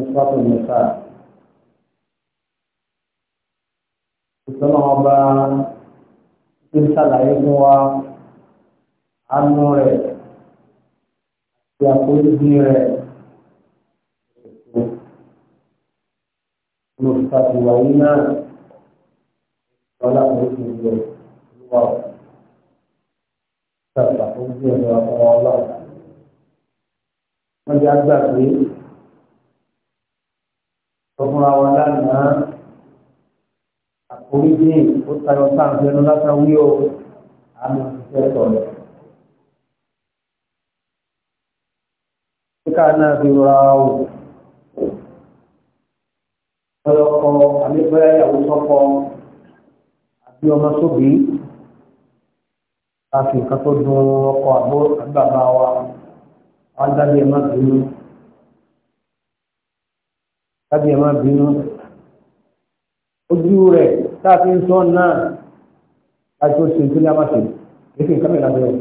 صفات النساء ìtọ́nà ọba tí ń ṣàlàyé fún wa àánú rẹ̀ àti àforíjì rẹ̀ olùsàtìwà yìí náà ìtọ́lá oríṣi ìlú olúwa ìtàkùn tọkùnra wa lánàá àforíjì ó tayọ sáǹfẹ ló lásán wí o àmì ìṣiṣẹ́ sọ̀rọ̀. Kíkà náà fi rọra o. Ọlọ́kọ àbíkọ́ ìyàwó sọ́kọ àbí ọmọ sóbì láti nǹkan tó dùn ọkọ àbó àgbàbá wa. Wọ́n dábìí ẹ̀ má bínú tàbí ẹ̀ máa bínú ojú rẹ̀ táàfin sọ náà láti ó ṣe ìpínlẹ̀ amáṣe èké nǹkan mẹ́ta bẹ́ẹ̀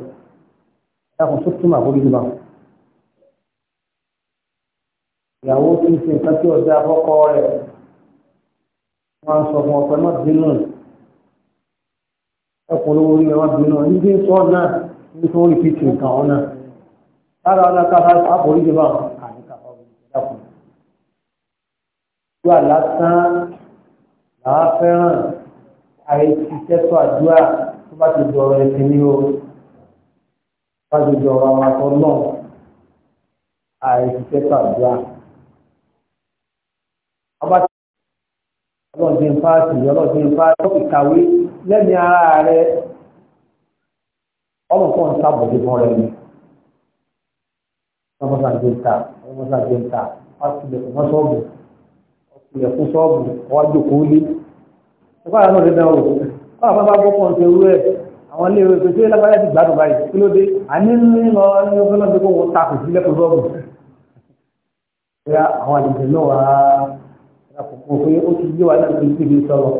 dákun tó túmọ̀ àkórí nígbà ìyàwó tí ń ṣe nǹkan tí ọ̀dà àkọ́kọ́ rẹ̀ wọ́n sọ fún ọ̀pẹ má bínú ẹkùn olówó orí rẹ̀ má bínú nígbà sọ náà nítorí pìtì nǹkan ọ̀nà lára ọ̀nà káfá àkórí nígbà àdúrà lásán làá fẹ́ràn àìsíṣẹ́ tó àdúrà tó bá ti dọ̀rọ̀ ẹ̀sìn ní o bá ti dọ̀rọ̀ àwọn àtọ́ náà àìsíṣẹ́ tó àdúrà. ọba tí ọlọ́dún ń fa àṣìyí ọlọ́dún ń fa ìkàwé lẹ́ni ara rẹ ọmọ kan ń sábòdì fún rẹ ni ọmọ sàgbé ọmọ sàgbé ń ti lè fọ́ sọ́ọ̀bù ilẹ̀kùn ṣọ́ọ̀bù ọwá jòkóó lé ọgbà náà ti dánwò ọgbà bá bá gbọ́pọ̀ ń serú ẹ̀ àwọn ilé ìwé pèsè lágbáyé ti gbádùn báyìí kí ló dé àní ní lọ ní ọgbẹ́ náà tó kó wọn ta kò sí lẹ́kùn ṣọ́ọ̀bù àwọn àdìsẹ̀ náà wà á kò pé ó ti yé wa náà ti ti sọ̀rọ̀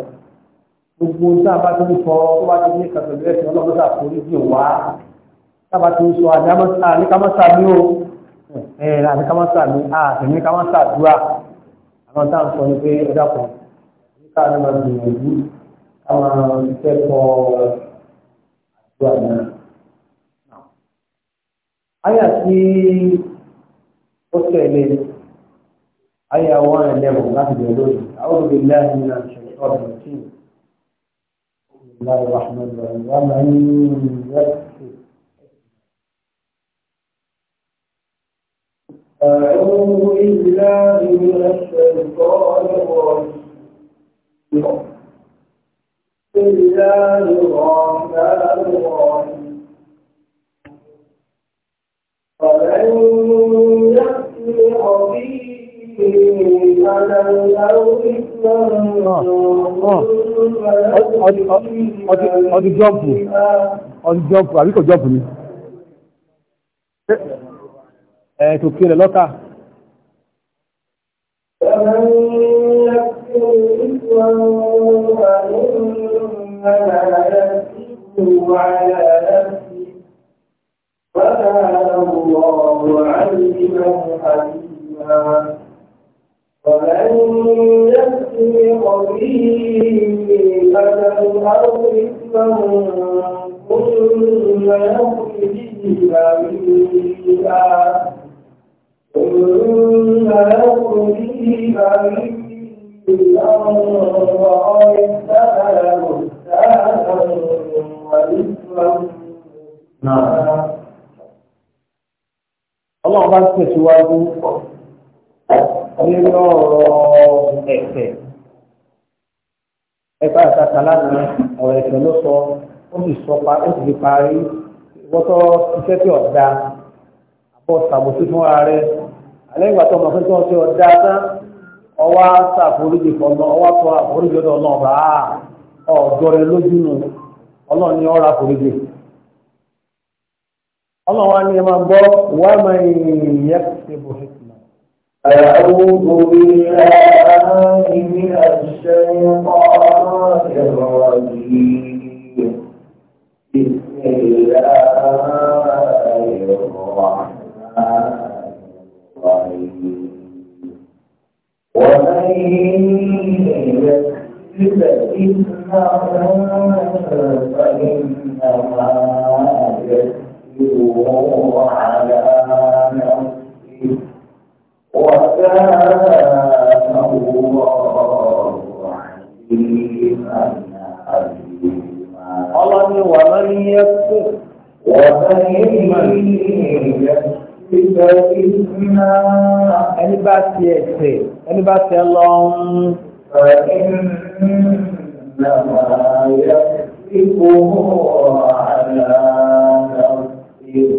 gbogbo sábà tó ń sọ tó bá ti ní kàtàkì ẹ̀sìn ọlọ́gbọ́sà foríjì wá sábà àwọn tá à ń sọ ni pé ó dàpọ̀ nípa ni máa gbìyànjú ká máa kẹ́kọ̀ọ́ àdúrà náà. Àyà tí ó tẹ̀lé àyà wọn ẹlẹ́wọ̀n láti bẹ̀rẹ̀ lónìí. Àwọn olùdílé ní àṣẹ ọ̀dọ̀ tí. بسم الله الرحمن الرحيم ومن يكفر أعوذ بالله من الشيطان الرجيم بسم الله الرحمن الرحيم فمن يأتي Ọdún jọ́pù, ọdún jọ́pù, àbíkọ̀ jọ́pù ni ẹ̀tòkí rẹ̀ lọ́ta ومن يكفي قبيل أدم أو إثما ثم يخرج به بريئا ثم يقضي عليه الأمر وعيسى مستعدا وإثما نعم Ọlọ́run bá tẹ̀síwájú nínú ọ̀rọ̀ ẹ̀fẹ̀. Ẹ̀ka àtàkà lánàá ọ̀rọ̀ ẹ̀fẹ̀ ló sọ, ó sì sọ pa ó sì fi parí. Ìwọ́tọ́ iṣẹ́ tí ọ̀dà àbọ̀ ṣàbòsí fúnra rẹ̀. alẹ́ ìgbà tó ọmọ fún ọwa ń ṣe ọ̀dá tán sàforíjì fọlọ́ ọwọ́ tó àforíjì ọ̀dọ̀ ọlọ́ọ̀bà ọ̀dọ́ rẹ lójú nù ẹ máa gbọ́ máa yẹ ṣe bò ومن يكسب إثما فإن ti ẹ̀sẹ̀ ẹni bá ti ọlọ́run.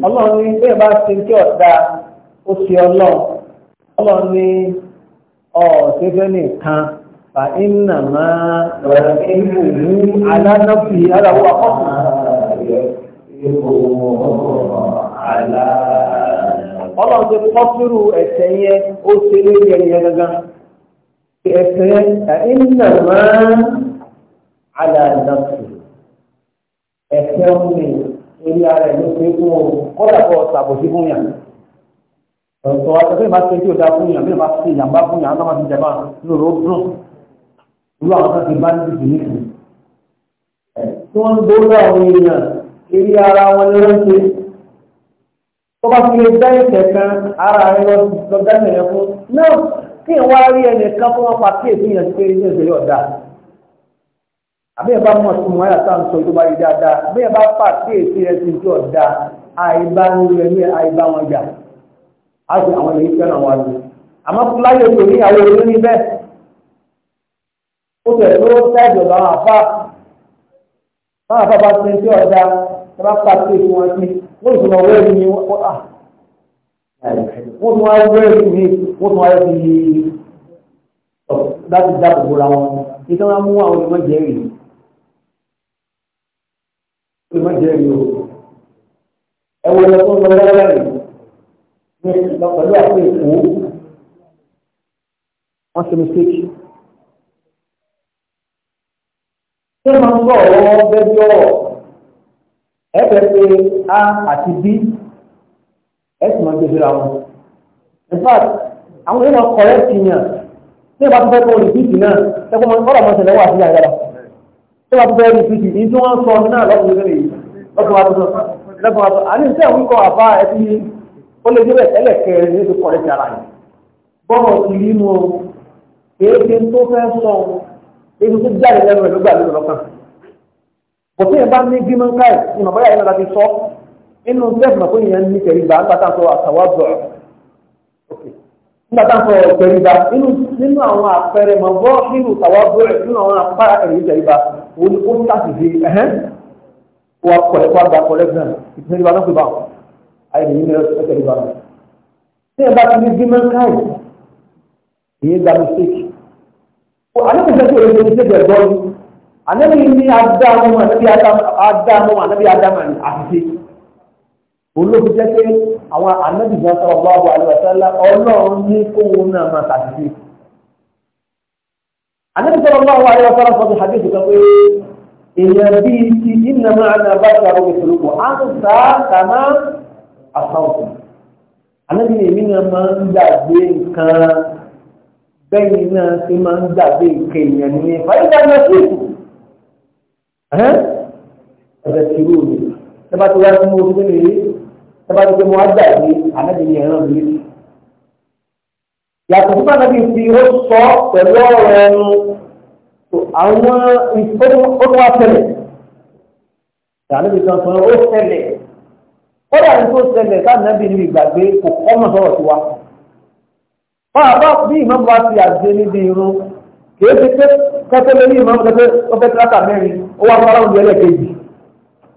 ọlọ́run ní bẹ́ẹ̀ bá ti kí ọ̀dà ó ti ọlọ́run ọlọ́run ní ọ̀ọ́sẹ́fẹ́ nìkan fa iná máa ìlú alánàfi aláwọ̀ akọ́kùnrin ọlọ́run ti kọ́sírù ẹ̀sẹ̀ yẹn ó ṣe lórí ẹni yẹn gangan ẹ̀sẹ̀ yẹn iná máa àdàdàkù ẹ̀sẹ̀ òní orí ara ẹ̀ ló ṣe fún o kọ́dà kọ́ ṣàbòsí fún yàn ọ̀sọ̀ wa tẹ́lẹ̀ máa ṣe tí ó da fún yàn bí wọ́n bá ṣe ìyàmbá fún yàn ọlọ́run ti jẹba ó dùn irú àwọn kan ti bá ní ìdí nìkan tí wọ́n ń gbóná tó bá fi lè dá ẹsẹ̀ kan ara rẹ lọ lọ dáná yẹn fún náà kí n wá rí ẹnì kan fún pa kí èsì yẹn pé ní ìṣẹ̀lẹ̀ ọ̀dà àbí ẹ̀ bá mọ̀ sí wọn yàtọ̀ àǹtọ̀ tó bá yí dáadáa bí ẹ̀ bá pa kí èsì ti àìbá ń àìbá wọn jà á sì àwọn èyí fẹ́ràn àmọ́ tó ní àwọn èyí ní ẹ bá pa sí ìfún wọn sí wọ́n tún ọwọ́ ẹ̀rí ni wọ́n à ah. wọ́n tún ọwọ́ ẹ̀rí ni wọ́n tún ọwọ́ ẹ̀rí láti dáàbò bóra wọn ní kí wọ́n mú àwọn ìmọ̀ jẹ́rìí ìmọ̀ jẹ́rìí o ẹ wọ ẹ tó ń lọ lọ́wọ́ rẹ̀ ní pẹ̀lú àpò èkó wọ́n ṣe mistake. ṣé máa ń bọ̀ ọ̀rọ̀ bẹ́ẹ̀ bí ọ̀rọ̀ ẹ̀fẹ̀ pé a àti b ẹ̀sùn máa gbèsè ra wọn in fact àwọn èèyàn correct yàn tí ìbá tó fẹ́ kọ́ rìpíìtì náà ẹ̀kọ́ mọ́ ọ̀rọ̀ mọ́ ṣẹlẹ̀ wà sí àyàrá tí ìbá tó fẹ́ rìpíìtì ní tí wọ́n sọ náà lọ́kùnrin rẹ̀ lọ́kùnrin wa tuntun lọ́kùnrin wa tuntun àní ìṣe àwọn ikọ̀ àbá ẹbí ó lè débẹ̀ tẹ́lẹ̀ kẹrin ní ti correct ara yìí bọ́ọ̀ ti rí mu kéèké tó fẹ́ sọ èyí tó jáde lẹ́nu rẹ̀ ló gbà lórí ọlọ́kàn kò sí ẹ̀bá ní human rights ní màbáyà yìí láti sọ inú sẹ́ẹ̀fù náà fún ìyẹn ní kẹrìbà nígbà tá à ń sọ àtàwádọ̀ nígbà tá à ń sọ kẹrìbà nínú àwọn àpẹẹrẹ màbọ́ nínú àtàwádọ̀ nínú àwọn apára ẹ̀rí kẹrìbà òun ó ń tàṣìṣe ẹ̀hẹ́n wà kọ̀lẹ́ wà gbà kọ̀lẹ́ náà ìtìlẹ́rìbà náà fi bá wọn ayé nìyí ní ẹ̀ kẹrìbà náà tí ẹ bá ti ní human kind ìyẹn gba mistake. àlẹ́ kò fẹ́ kí o lè ṣe mistake ẹ̀ gbọ́ anabi ní adamu anabi adamu adamu anabi adamu ni àṣìṣe olóògùn jẹ́ pé àwọn anabi náà sọ ọgbà ọgbà àlùbọ̀sálà ọlọ́run ní kóhun náà máa ṣàṣìṣe anabi sọ ọgbà ọgbà àlùbọ̀sálà sọ ti hadith kan pé èèyàn bíi ti iná máa ń bá ṣe àwọn òṣèlú kù á ń sá kàmá àṣàwọ̀tò anabi ní èmi náà máa ń gbàgbé nǹkan bẹ́ẹ̀ ni náà ṣe máa ń gbàgbé nǹkan èèyàn ní fàyídà náà ṣèkù ẹ̀rẹ́ ti rú mi tẹ́bá ti wá sí mo ti lè tẹ́bá ti pé mo wá gbà pé ànábì ni ẹ̀rọ mi létí. yàtọ̀ fún ànábì fi ó sọ pẹ̀lú ọ̀rọ̀ ẹnu àwọn ó tún wá tẹ̀lẹ̀ ànábì kan sọ ó tẹ̀lẹ̀ kódà ní tó tẹ̀lẹ̀ káànábì ní ìgbàgbé kò kọ́mọ̀ sọ̀rọ̀ tiwa. bá a bá bí ìmọ̀ bá ti àgbé níbi irun kìí ti pé kẹfẹ́ lórí ìmọ̀ kẹfẹ́ ọfẹ́ tíráta mẹ́rin ó wá sálámù ní ẹlẹ́kejì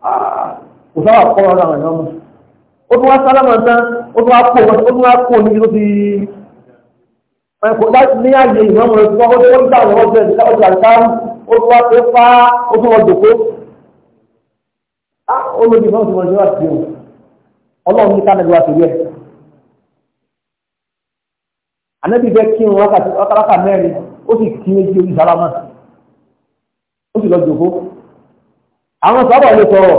ah, kò sábà kọ́ ọ́nà àwọn ìyọ́mọ̀ ó tún wá sálámù tán ó tún wá kó ó tún wá kó níbi tó ti ẹ̀kọ́ láti ní àyè ìmọ̀mù rẹ̀ tó wọ́n ń gbà wọ́n jẹ́ ìdíkà ọjà ìdáhùn ó tún wá pé fá ó tún wọ́n dòkó ah, ó lóde ìmọ̀mù tó wọ́n jẹ́ wá sí o ó sì kí méjì orí sálámà ó sì lọ jòkó àwọn sábà lè sọ̀rọ̀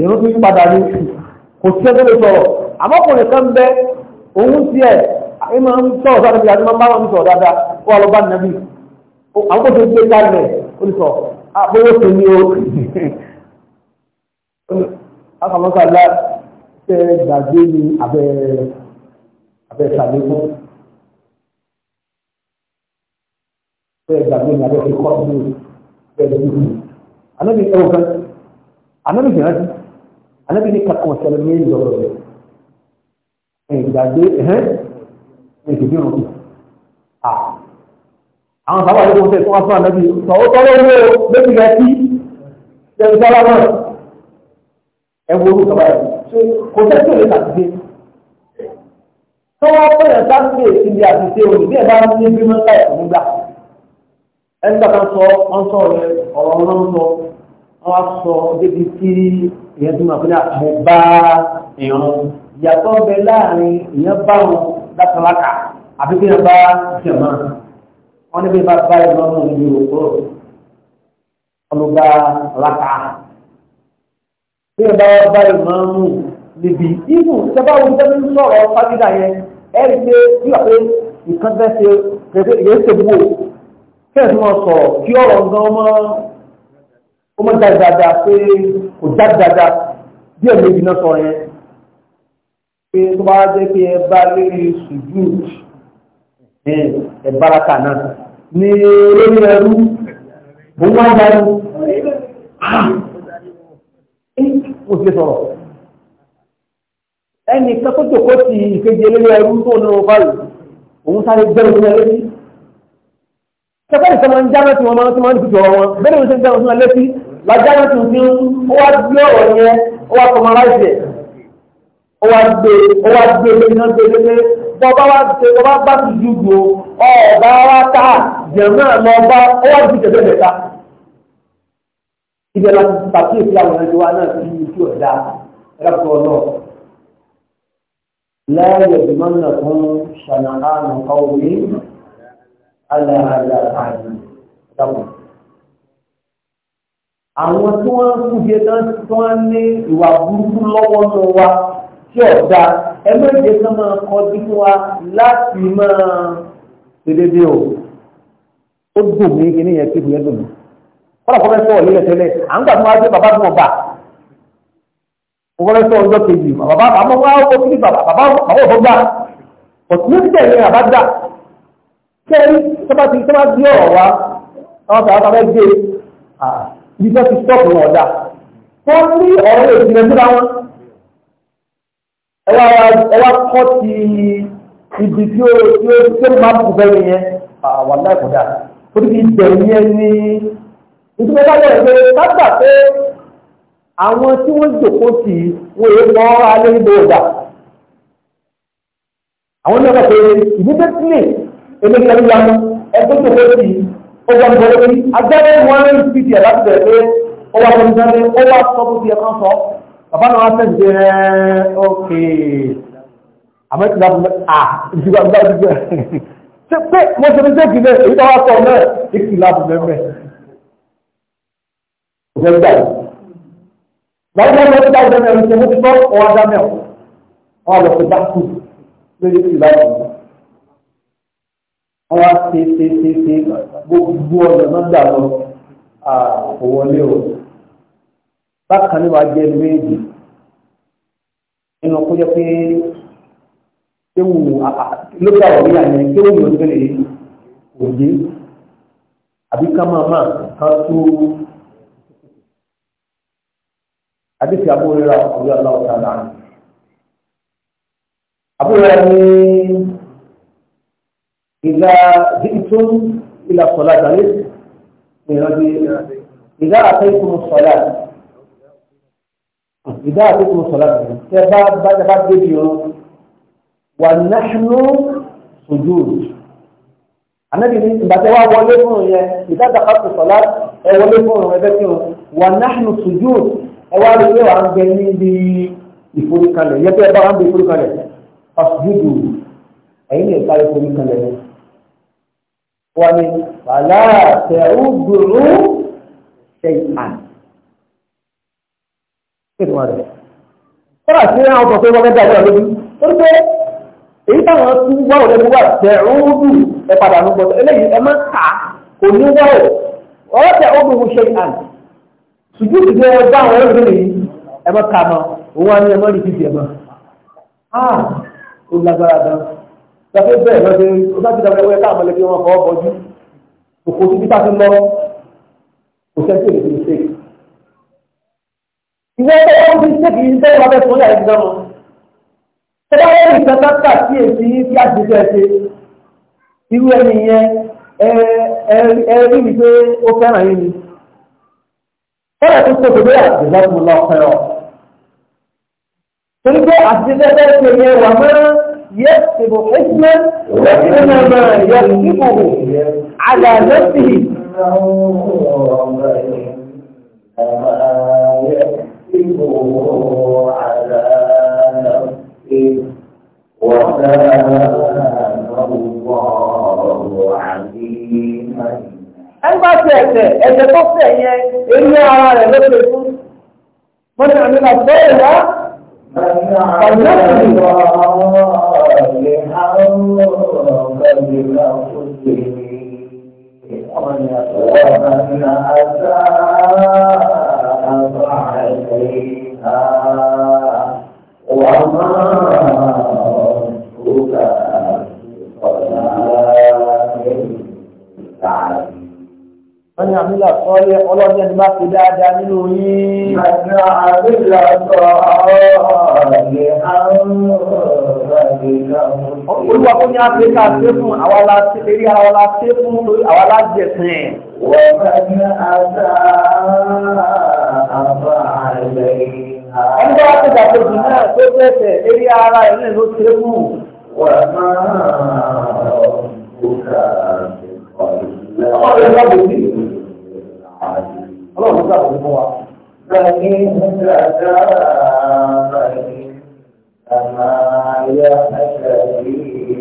ìrún ah, tí padà ní kò sí ẹgbẹ́ lè sọ̀rọ̀ àmọ́kùnrin kan bẹ òun tí ẹ̀ ìmọ̀ ń sọ̀rọ̀ sáré bí i àdúmọ̀ máa ń sọ̀rọ̀ dáadáa ó wà lọ bá nàbí àwọn tó ti gbé kalẹ̀ ó ní sọ àbúrò ah, tó ní o akọ̀mọ́kànlá tẹ́ gbàgbé ní abẹ́rẹ́ bẹ́ẹ̀ sàlékún bẹ́ẹ̀ gbàgbé ní abẹ́ fi kọ́ sí bẹ́ẹ̀ dúdú. Ànábì ẹ̀rọ kan, ànábì jìnnà sí, ànábì ní kankan ṣẹlẹ̀ ní ìlú ọ̀rọ̀ rẹ̀. Ìgbàgbé ẹ̀hẹ́n ní ìdíbí rùn. Àwọn sábà ló ń tẹ̀ fún afúnà ànábì sọ̀rọ̀ tọ́lọ́ owó lóbi rẹ̀ sí ṣẹ̀ńtọ́lá náà. Ẹ wo orúkọ báyìí. Kò sẹ́sẹ̀ lè tàbí tó wọ́n pè é sáfìlì èsì bí àtúnṣe òní bí ẹ bá ní bí wọ́n ká ẹ̀kọ́ nígbà ẹni gbàgbọ́ sọ wọ́n sọ rẹ ọ̀rọ̀ wọn sọ wọ́n sọ débi tí ìyẹn tó máa fi náà mo bá ìrún ìyàtọ̀ bẹ láàrin ìyẹn bá wọn látàlákà àbí bí wọn bá jẹ̀mọ́ wọn níbi bá bá ìrún ọmọ ìlú òkúrò wọn ló bí wọn bá bá ìrún ọmọ níbi ibù sábàwò tẹ́lẹ̀ ń sọ̀rọ̀ fágídà yẹn ẹ rí pé bí wà pé nǹkan tẹ́ ṣe pẹ̀lú ìyẹn ṣe wò kẹ́ẹ̀sì wọn sọ̀rọ̀ kí ọ̀rọ̀ gan ọmọ ọmọ jáde dáadáa pé kò jáde dáadáa bí ẹ̀ méjì náà sọ̀rọ̀ yẹn pé tó bá jẹ́ pé ẹ bá lérí sùjú ẹ báraka náà ní lórí ẹrú òun wá jáde ó ah! ti sọ̀rọ̀ ẹni kẹ́kọ̀tò kó ti ìkejì eléré ẹrú tó ní ọba rẹ̀ òun sáré gbẹ́rù fún ẹlẹ́sí kẹ́kọ̀tò sọmọ ń jáná tí wọ́n máa ń tí wọ́n ń dùjọ wọn bẹ́ẹ̀ ló ń jáná fún ẹlẹ́sí lájáná tó fi ó wá gbé ọ̀rọ̀ yẹn ó wá tọmọ láìsí ẹ̀ ó wá gbé ó wá gbé lé iná gbé lé bọ́bá wá ṣe bọ́bá bá ti ju gbò ọ̀bá wá ká jẹ̀mọ́ لا يجمنكم شنآن قوم على على àìsàn àwọn tí wọ́n ń kúbi ẹ̀dán tí wọ́n ní ìwà burúkú lọ́wọ́ ní wa tí ọ̀dà ẹgbẹ́jẹ kan máa kọjú fún wa láti máa ṣèdédé o ó dùn mí kí ní yẹn kí dùn mí kọ́lá kọ́ fẹ́ sọ̀rọ̀ tẹ́lẹ̀ à ń gbà ọgbọ́n sọ ọjọ́ kejì bàbá àmọ́ wá ó kí bàbá bàbá ọ̀fọ́ gbà ọ̀tún ní tẹ̀lé bàbá gbà kẹ́rí sọ́bà ti sọ́bà bí ọ̀rọ̀ wa àwọn bàbá bàbá gbé ibi tó ti sọ́ọ̀pù wọn ọ̀dà wọ́n ní ọ̀rọ̀ èsì rẹ̀ múra wọn ẹwà kọ́ ti ibi tí ó tí ó tí ó máa bù bẹ́ẹ̀ yẹn wà láì kọjá ó ti fi tẹ̀lé ní ìtumọ̀ àwọn tí wọ́n jòkó sí wọ́n èé mọ́ alẹ́ ìbò ọ̀dà àwọn náà pẹ̀lú ìmúdẹ́sílẹ̀ ẹgbẹ́gbẹ́ yanu ẹgbẹ́ jòkó sí ọgbọ́n bọ́lá sí agbára wọn lè fi di ẹ̀dá tẹ̀ pé ọwọ́ tó ń sáré ọwọ́ sọ bó ti ẹ̀kan sọ bàbá náà wá sẹ́ǹdì ẹ̀ ókè àmọ́ ti dá fún à ìdìbò àgbà ìdìbò ṣe pé mo ṣe ní sẹ́ǹdì náà èyí tó wá sọ náà ìkìlá fún mẹ́mẹ́ báyìí lẹ́yìn lọ́dún dáhùn dáhùn ẹ̀rọ ìṣẹ́mú tó ọwọ́ ajá mẹ́wọ̀ wọn lọ sí dákú lórí ìlànà ìlú wọn wá ṣe ṣe ṣe ṣe gbogbo ọ̀nà náà gbà lọ àwọlé o bákan ní wàá jẹ méjì nínú kó jẹ pé kéwù lókè àwọn ìyá yẹn kéwù yóò tẹ̀lé òye àbí ká máa máa kan tó àdìsí abúrera ọ̀rẹ́ aláwọ̀ta náà abúrera ní ìgbà dìtún ìlà sọ̀lá tàbí ìrìnàjò ìgbà àtẹ́kùn sọ̀lá ìgbà àtẹ́kùn sọ̀lá tàbí tẹ́ bá bá bá débi wọn wà náṣínú sojú anabi ní ìgbàtẹ́ wa wọlé fún un ìgbà àtàkùn sọ̀lá ẹ wọlé fún un ẹgbẹ́ tí wọn wà náṣínú sojú ẹ wá rí pé wà ń bẹ níbi ìforúkalẹ̀ yẹ ẹ bá wà ń bẹ ìforúkalẹ̀ ọ̀sùdùdù ẹ̀yìn lè parí ìforúkalẹ̀ yẹn. wọ́n ní wàhálà tẹ̀rù dùrú ṣe àn. ni wọ́n rẹ̀? kọ́lá sí àwọn ọ̀sán pé wọ́n fẹ́ dájú ọ̀lọ́dún ó ń pẹ́ èyí táwọn tún wá òde gbogbo àtẹ̀rù dùrú ẹ padà ń gbọ́dọ̀ eléyìí ẹ má kà kò ní wá ò ọ̀rọ̀ tẹ̀ ó dùrú ṣe àn ṣùgbọ́n ti jẹ́ bá àwọn obìnrin ẹ̀mọ́ ka mọ́ òun á ní ẹ̀mọ́ rí fífi ẹ̀mọ́ ah ó lágbára gan gbàgbé bẹ́ẹ̀ lọ́dẹ ó bá ti dàgbà ẹwẹ́ káàmọ́ lẹ́bí wọn fọwọ́ bọ́jú òkú tí bípa ti lọ kò sẹ́ńtì lè fi ṣe. ìwé ẹgbẹ́ wọn fi ṣe kì í bẹ́ẹ̀ wọn bẹ́ẹ̀ fún yàrá ìdílé wọn. tọ́lá ẹ̀rí ìtàkàtà sí èsì tí a ti fẹ́ ṣe irú ẹni yẹn ẹ ẹ rí mi pé ó fẹ́ràn yín ni. fọ́nà tó tó tòbí àjẹsákùn lọ fẹ́ràn. torí pé àtijọ́ ṣe yẹ wà mọ́ yẹ ìbò ẹ̀sìnmẹ́ ìrẹ́sìnmẹ́ mọ́ yẹ ìbò àlàlẹ́sì. وما ẹgbà sí ẹ̀sẹ̀ ẹ̀sẹ̀ tó fẹ̀ yẹn èyí ara rẹ̀ ló fún mo àmì náà bẹ́ẹ̀ wá وما wọ́n ní àmìlà sọ́ọ́lẹ́ ọlọ́dẹ ni bá fi dáadáa nínú yín. àti àmìlà sọ́ọ́lẹ́ àrùn olúwa kó ní áfíríkà ṣe fún àwa la ṣe eré àwa la ṣe fún àwa la jẹ̀sìn ẹ̀. wọ́n bá ní àṣà àbá àlẹ́ yìí. ẹni bá ti dàgbòjì náà tó tẹ̀sẹ̀ eré ara ẹ̀ náà ló ṣe fún. wọ́n máa ń bùkà ọ̀rẹ́ lọ́gbẹ̀ẹ́ ọlọ́run sábà fún wa. Bẹ́ẹ̀ni nígbà dáa bẹ́ẹ̀ àmà yá ẹ̀ṣẹ̀ yìí.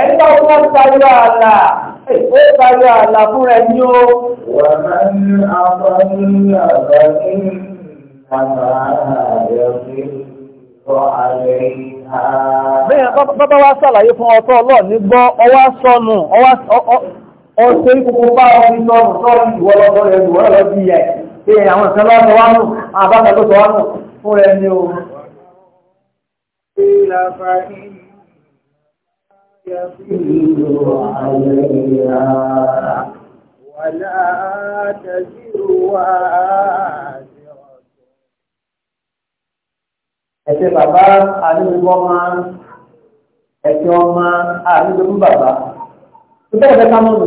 Ẹni bá parí ààlà, ó parí ààlà fún rẹ̀ ní o. Wà á ní àbáyé àbáyé àmà yá ẹ̀ṣẹ̀ Bẹ́ẹ̀ bá bá wá sàlàyé fún ọtọ́ ọlọ́ọ̀ gbọ́, ọwá sọnù, ọwá ọ̀sẹ̀ ìkòkò bá ọdún sọ́rùn sọ́rùn ìwọ̀lọ́gbọ́ rẹ̀ ìwọ̀lọ́ bí ẹ̀ pé àwọn ìṣẹ́ lọ́wọ́ wánù àbáta ló sọ wánù fún rẹ̀ ni o. Ẹ̀sẹ̀ bàbá àdúgbò ọmọ ẹ̀sẹ̀ ọmọ àdúgbò bàbá. Ìbẹ̀rẹ̀ bẹ́ẹ̀ ká mọ̀ nù.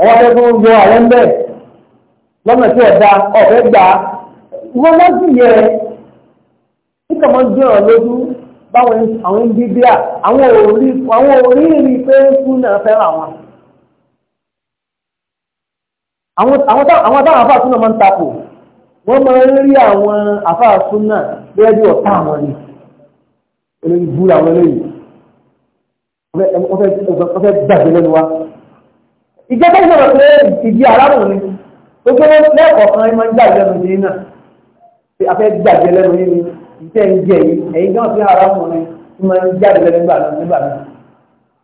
ọwọ́ fẹ́ fún gbogbo ààrẹ ń bẹ̀ lọ́nà tí ọ̀dà ọ̀fẹ́ gbà á wọ́n lọ́sì yẹ kíkà máa ń gbé ọ̀rọ̀ lójú báwọn àwọn ń bíbí à àwọn òrí àwọn òrí rí pé fún náà fẹ́ràn àwọn. àwọn táwọn afáà súnà máa ń tapò wọ́n máa ń rí àwọn afáà súnà bẹ́ẹ̀ bí ọ̀tá àwọn ni olóyìn búra àwọn eléyìí wọ́n fẹ́ gbàgbé lẹ́nu wa ìjọba ìsọ̀rọ̀ pé ìdí aráàlú ni ó gbé lẹ́ẹ̀kọ̀ọ̀kan ẹ máa ń gbàgbé lẹ́nu yìí náà pé a fẹ́ gbàgbé lẹ́nu yìí ni ìtẹ́ ń jẹ yìí ẹ̀yin náà fi aráàlú ni ó máa ń jáde lẹ́nu nígbà náà nígbà náà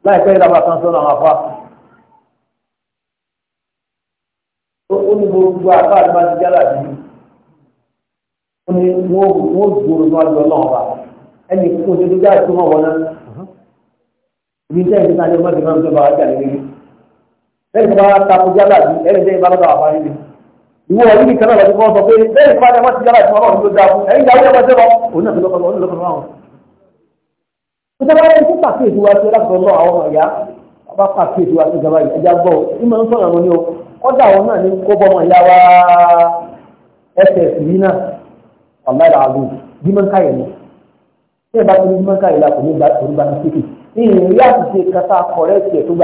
láìpẹ́ ìlànà kan sọ́nà àwọn afá. ó ní gbogbo afá àti máa ti jálà yìí ó ní wọ́n ó gbòòrò ní wájú ọlọ́run wa ẹnì kó o ṣe tó jáde tó mọ̀ wọn náà ìdí lẹ́yìn tó bá takò jálàbí ẹ̀rìn tẹ́yìn bá lọ́dọ̀ àwọn ilé ìwọ ọdún ìkan náà lọ́dún kan sọ pé lẹ́yìn tó bá dẹ́wọ́n ti jálàbí fún ọlọ́run tó dáa fún ẹ̀yìn ìyàwó ẹ̀wọ́n sẹ́wọ́ òun náà lọ́kọ̀ lọ́kọ̀ lọ́kọ̀ lọ́wọ́. tó dábàá yẹn tó pàṣẹ ìdíwá sí ọlọ́kọ̀ lọ́wọ́ àwọn ọ̀yá bá pàṣẹ ìdíwá sí ìjọba ìjà gbọ́ ní máa ń sọ̀rọ̀ wọn ni o kọ́dà wọn náà ní kó bọ́mọ ìyá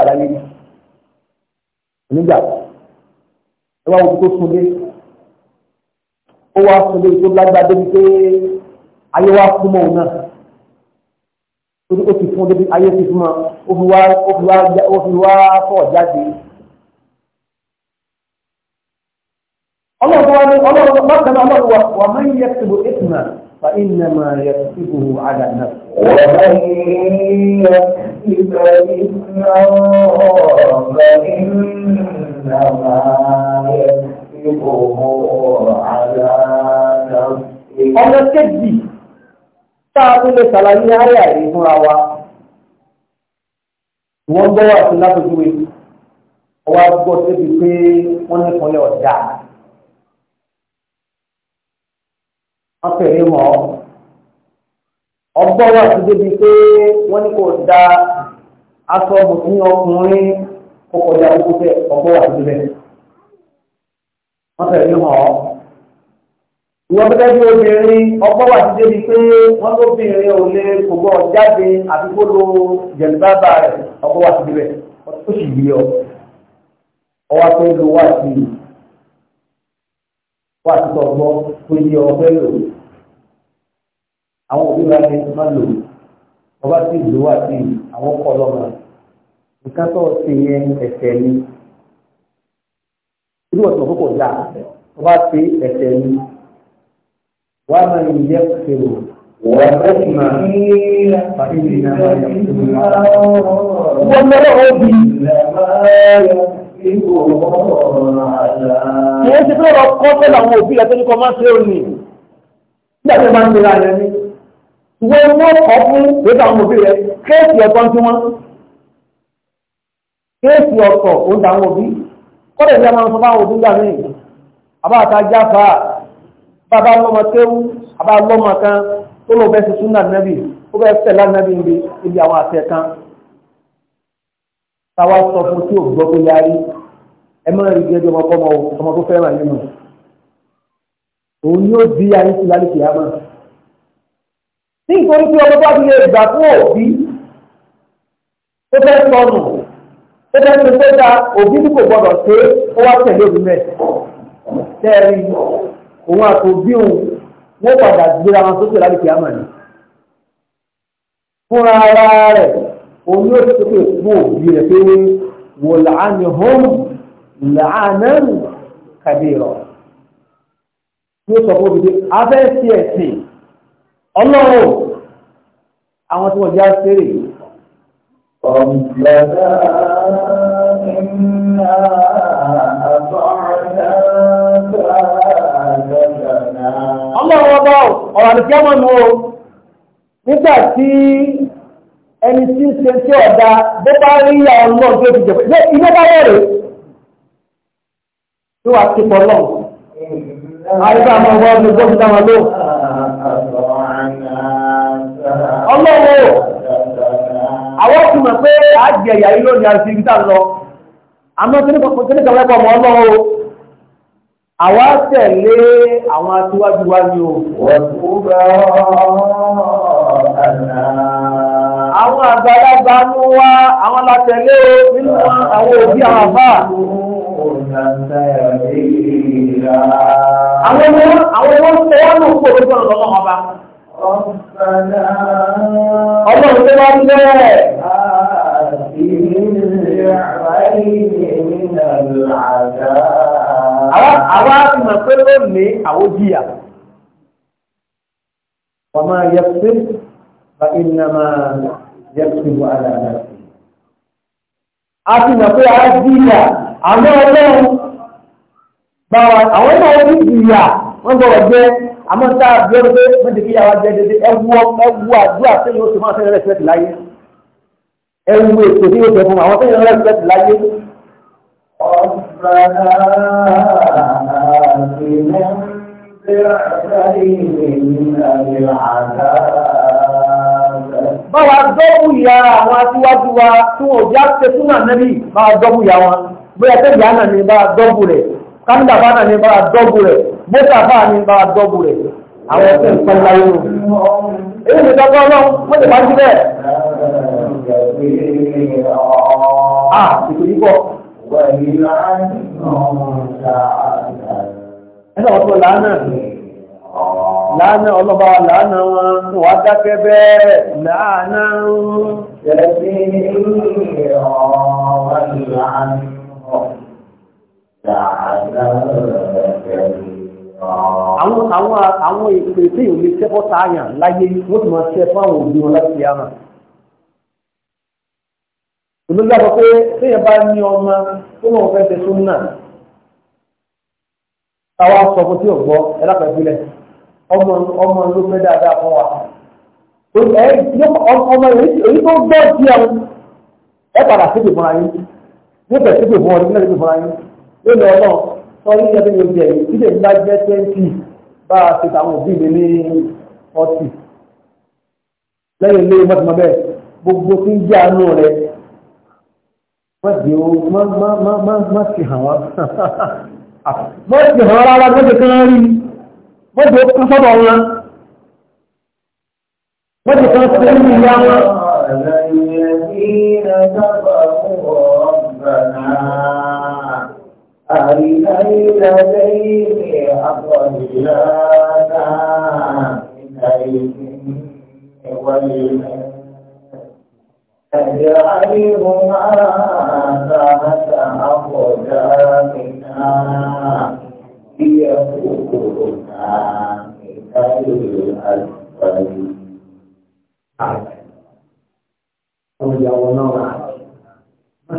wa ẹsẹ̀ onígbà ẹ wá wọn tó sunlé ó wá sunlé tó lágbá débi pé ayé wá fún mọ́ òun náà torí ó ti fún débi ayé ti fún mọ́ ó fi wá ó fi wá ó fi wá fọ̀ jáde. ọlọ́run wá ní ọlọ́run bákan náà ọlọ́run wà máa ń yẹ kìlọ̀ ètùmọ̀. فإنما يكسبه على نفسه ومن يكسب إثما فإنما يكسبه على نفسه ọ̀nà kejì táàbí lè ṣàlàyé ayà rí fúnra wa wọ́n gbọ́wọ́ àti látòjúwe ọwọ́ agbọ́ débi pé wọ́n ní ìpínlẹ̀ ọ̀dà afẹ́rẹ́ mọ́ ọgbọ́n wà sí débi pé wọ́n ní kò da aṣọ mùsùlùmí ọkùnrin kó kọjá kókó tẹ ọgbọ́n wà sí débẹ̀ wọ́n fẹ́rẹ́ mọ́ ìwọ́n tó tẹ́jú obìnrin ọgbọ́n wà sí débi pé wọ́n tó bìnrin ò lè kò gbọ́ jáde àti lo jẹ̀lúbábà rẹ̀ ọgbọ́n wà sí débẹ̀ ó ọwọ́ tó wá sí i wá àtúntò ọgbọ́n tó yí ọgbẹ́ lò àwọn òbí wa ni má lò ọba tí ìlú wà sí àwọn kọ lọ́mọ nǹkan tó ṣe yẹn ẹ̀ṣẹ̀ ni irú ọ̀sán tó kò dà ọba ṣe ẹ̀ṣẹ̀ ni wàá máa ń yẹ ṣe o. Wọ́n mẹ́rẹ̀ ó bí. Ìyẹn ti fẹ́ lọ kọ́ fẹ́ làwọn òbí rẹ̀ tó ní kọ máa ṣe òní. Nígbà tí ó máa ń ṣe ra rẹ̀ ni. Ìwé wọ́n kọ́ fún ìwé àwọn òbí rẹ̀ kéèsì ọ̀tọ̀ tí wọ́n. Kéèsì ọ̀tọ̀ ó ń dáwọn òbí. Kọ́dẹ̀ ní a máa ń sọ fáwọn òbí gbà míì. Àbá àta jáfa, bàbá lọ́mọ kéwú, àbá lọ́mọ kan tó lọ bẹ́ẹ̀ ṣe súnà nábì, ó bẹ́ẹ̀ tẹ̀lá nábì níbi àwọn àtẹ̀ kan táwa sọ fún tí ò gbọ́ tó yarí ẹ mọ́ rí gẹ́gẹ́ ọmọ ọmọ ọmọ tó fẹ́ràn yìí nù òun yóò di ayé sí lálẹ́ kìámà nítorí pé ọmọ bá ti lè gbà fún òbí tó fẹ́ sọnù tó fẹ́ ṣe tó da òbí tí kò gbọdọ̀ ṣe ó wá tẹ̀lé òbí mẹ́ tẹ́ẹ̀rí òun àtòbí òun wọ́n padà gbéra wọn sókè lálẹ́ kìámà ni fúnra ara rẹ̀ òun yóò ti pè fún òbí rẹ̀ pé wò làánì hóm làánẹ́rù kàdéèrọ̀ tí ó sọ fún òbí abẹ́ sí ẹ̀sìn ọlọ́run àwọn tí wọ́n já sérè. ọ̀gbẹ́dá iná àbọ̀rẹ́ ọlọ́run ọba ọ̀rọ̀ àdìsí ọmọ nù o nígbà tí ẹni tí ń ṣe tí ọ̀dá bó bá rí ìyá ọlọ́run tó ti jẹ̀bẹ̀ iná bá wọ̀rẹ̀ tó wà ti pọ̀ lọ. àyíká máa wọ́n ní bó ti dá wọn ló. ọlọ́run o àwọn ti mọ̀ pé àjẹ ìyá yìí lónìí àti ibi tá a lọ àmọ́ tí ní kàwé pọ̀ mọ́ ọlọ́run o. Àwa tẹ̀lé àwọn aṣíwájú wa ni o. Wọ́n tó bá ọ̀rọ̀ àná àwọn àgbàlagbà ní wá àwọn látẹ̀lé nínú àwọn òbí àwọn àfà àwọn owó tó wọ́n ní òkú òkú ọ̀rọ̀ lọ́wọ́ ọba ọlọ́run tó wá ń bẹ́ẹ̀ àwọn àtìmọ̀ pé lónìí àwọn jíyà wọ́n máa yẹ pé fa ìnàmà yẹ́kùnbó aláàlá. A ti mọ̀ pé a jí ìyà, àmọ́ ọlọ́run bá wa, àwọn náà ó jí ìyà, wọ́n gbọ́dọ̀ jẹ́, àmọ́ tá a bí ọdún pé wọ́n ti kíyàwó jẹ́ dédé, ẹwu ẹwu àdúrà tí yóò ṣe máa fẹ́ rẹ́sẹ̀tì láyé. Ẹwu ètò tí mẹ́rin bí àṣà ìrìn àjò àdáa bá wa dọ́bù ìyá àwọn aṣíwájú wa tí wọn ò já ṣe súnà nẹ́bí bá wa dọ́bù ìyá wọn bóyá tẹ́ ìyá náà ni bá wa rẹ̀ káńdà bá náà ni bá wa rẹ̀ bóta bá ni bá wa rẹ̀ àwọn ẹgbẹ́ nǹkan láyé o. èyí ni dọ́gbọ́n náà wọ́n ti máa ń síbẹ̀. a wọ́n tó làánà láàánà ọlọ́ba láàánà wọn tó wá dákẹ́ bẹ́ẹ̀ láàánà àwọn àwọn àwọn ìpè tí ìwé sẹ́fọ́ sáàyàn láyé wọ́n ti máa ṣe fún àwọn òbí wọn láti yára olóògbé àpò pé téèyàn bá ní ọmọ tó mọ̀ fẹ́ ṣe súnmọ́ náà táwa sọ fún tí ò gbọ́ ẹ lápẹ́ ọmọ ọmọ ló fẹ́ dáadáa fún wa. ọmọ èyí tó gbọ́ sí ẹ ẹ padà síbi fúnra yín yóò bẹ̀ síbi fún ọ nígbà síbi fúnra yín yóò lọ náà sọrí ẹbí yóò jẹ yìí síbi ìgbà jẹ twenty bá a ṣe tàwọn òbí mi ní ọtí lẹ́yìn ilé mọ́tìmọ́ bẹ́ẹ̀ gbogbo tí ń jẹ́ àánú rẹ̀ má di o má má má má má ti hàn wá ah, má ti hàn rárá lọ́dẹ̀ kan rí i wọ́n ti kún sọ́dọ̀ wọn wọ́n ti kún sí ẹ̀mí ìyá wọn. أرنا الذين أضلانا من أيديهم والمن أجعلهما تحت أقدامنا ليكونوا Àwọn ìyàwó náà wọ́n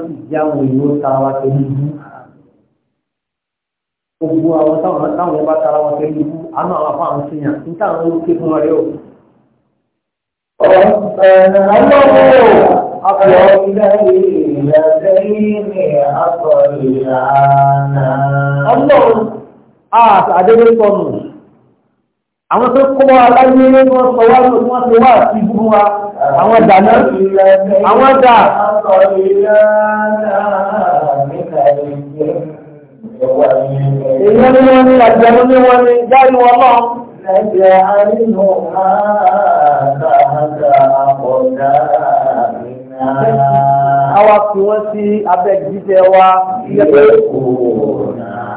sì jẹ́ àwọn ìlú tara wa tẹ́lú ibú. Gbogbo àwọn táwọn ẹbá tara wa tẹ́lú ibú, a náà wà fáwọn síyàn, ní táwọn ló ké fún ọ̀rẹ́ o. Ọ̀pọ̀ ilẹ̀ ìlẹ̀ tẹ́lẹ̀ ní àpọ̀ àwọn tó kọ́ aláyé wọ́n sọ wá ló ti wá sí ibú wa àwọn dáná àwọn dá èyí ni wọ́n ní àti ẹnu ní wọ́n ní jáde wọn náà Ẹgbẹ́ àrínú wọ́n sí abẹ́ jíjẹ wa. Ilé kò náà,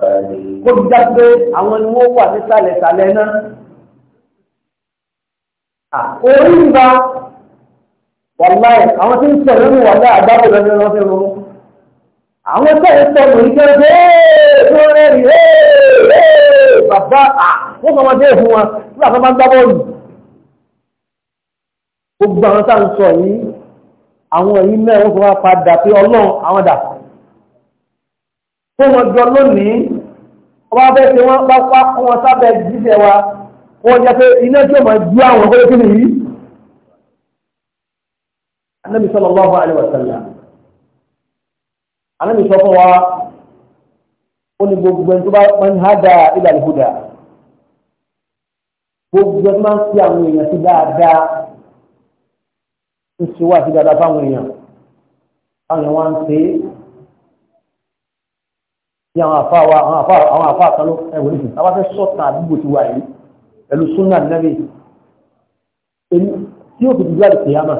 kó ti já pé àwọn ni wọ́n wà nísàlẹ̀ sàlẹ̀ náà orí ń ba wàláì àwọn tí ń sọ lórí wàláì àgbábò lọ́dún lọ́dún fẹ́ ronú àwọn tó ń sọ lórí kẹ́ ẹ́ tó rẹ́rì ẹ́ bàbá àwọn kan máa dé fún wọn nígbà tó bá ń gbá bọ́ọ̀lù gbogbo àwọn tá à ń sọ yìí àwọn yìí mẹ́rin wọ́n fọwọ́ padà pé ọlọ́run àwọn dà tó wọn jọ lónìí ọba bẹ́ẹ̀ tí wọ́n pápá kún wọn sábẹ́ jíjẹ wa wọ́n jẹ́ pé iná tí ó máa ju àwọn ọgbẹ́ kí nìyí. Ànábì sallallahu alaihi wa sallam Ànábì sọ fún wa ó ní gbogbo ẹni tó bá máa ń há dáa ilà gbogbo ẹni máa ń fi àwọn èèyàn sí dáadáa ń ṣe wá sí dáadáa fáwọn èèyàn fáwọn èèyàn wá ń ṣe é tí àwọn àfá wa àwọn àfá àkànlọ ẹwọ̀n nìkan àwọn afẹ́ sọ́ta àdúgbò ti wà yìí pẹ̀lú súnà nẹ́bí tí ó fi ti jáde pè ámà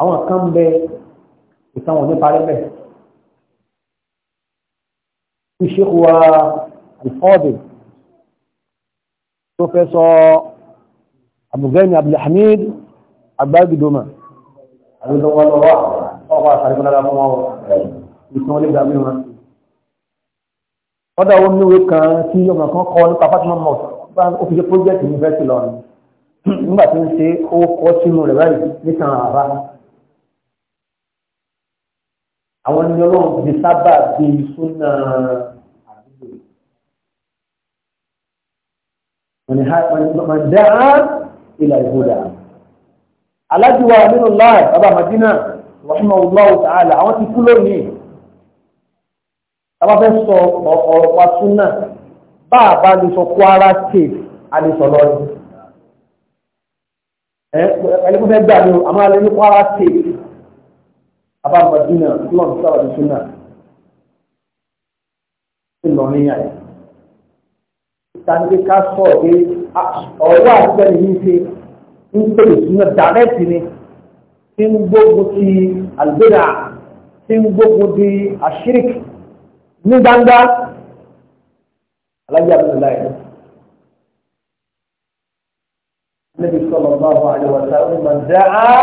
àwọn kan bẹ ìtàn wọn nípa rẹ̀ tí ṣékù wa alfọ́ọ̀dì pọ́fẹ́sọ̀ abùgẹ́ni abdulhamid agbábídọ́mà àbúdọ́wọ́lọ́wọ́ ọkọ̀ àṣàríkọ́lá fún wọn ìtàn olè gbàgbé wọn ọ̀dà oníwèé kan tí ọmọ kan kọ nípa Fatima mosque bá ó fi ṣe project university lọ nígbà tí ń ṣe ó kọ sínú rẹ̀ báyìí nítan àbá àwọn ẹni ọlọ́run ti sábà bí súnà àdúgbò wọn dá ilà ìbúdà alájùwà nínú láì bàbá Madina rahimahullah ta'ala àwọn ti kú lónìí tàbá fẹ́ sọ ọ̀rọ̀ pàtó náà bá a bá lè sọ Kwara State a lè sọ lọ́rin ẹlẹ́kùn fẹ́ gbà ní o àmọ́ alẹ́ ní Kwara State abámadínà lọ́n sábà ní súnà ń lọ ní àyè ìtàníkè ká sọ pé ọ̀rọ̀ àtúgbẹ́ ní ṣe ń pèlè súnà dàrẹ́tì ni tí ń gbógun ti ní gbangba alájà bí lọ́la yẹn. Nabi sallallahu alaihi wa sallam man da'a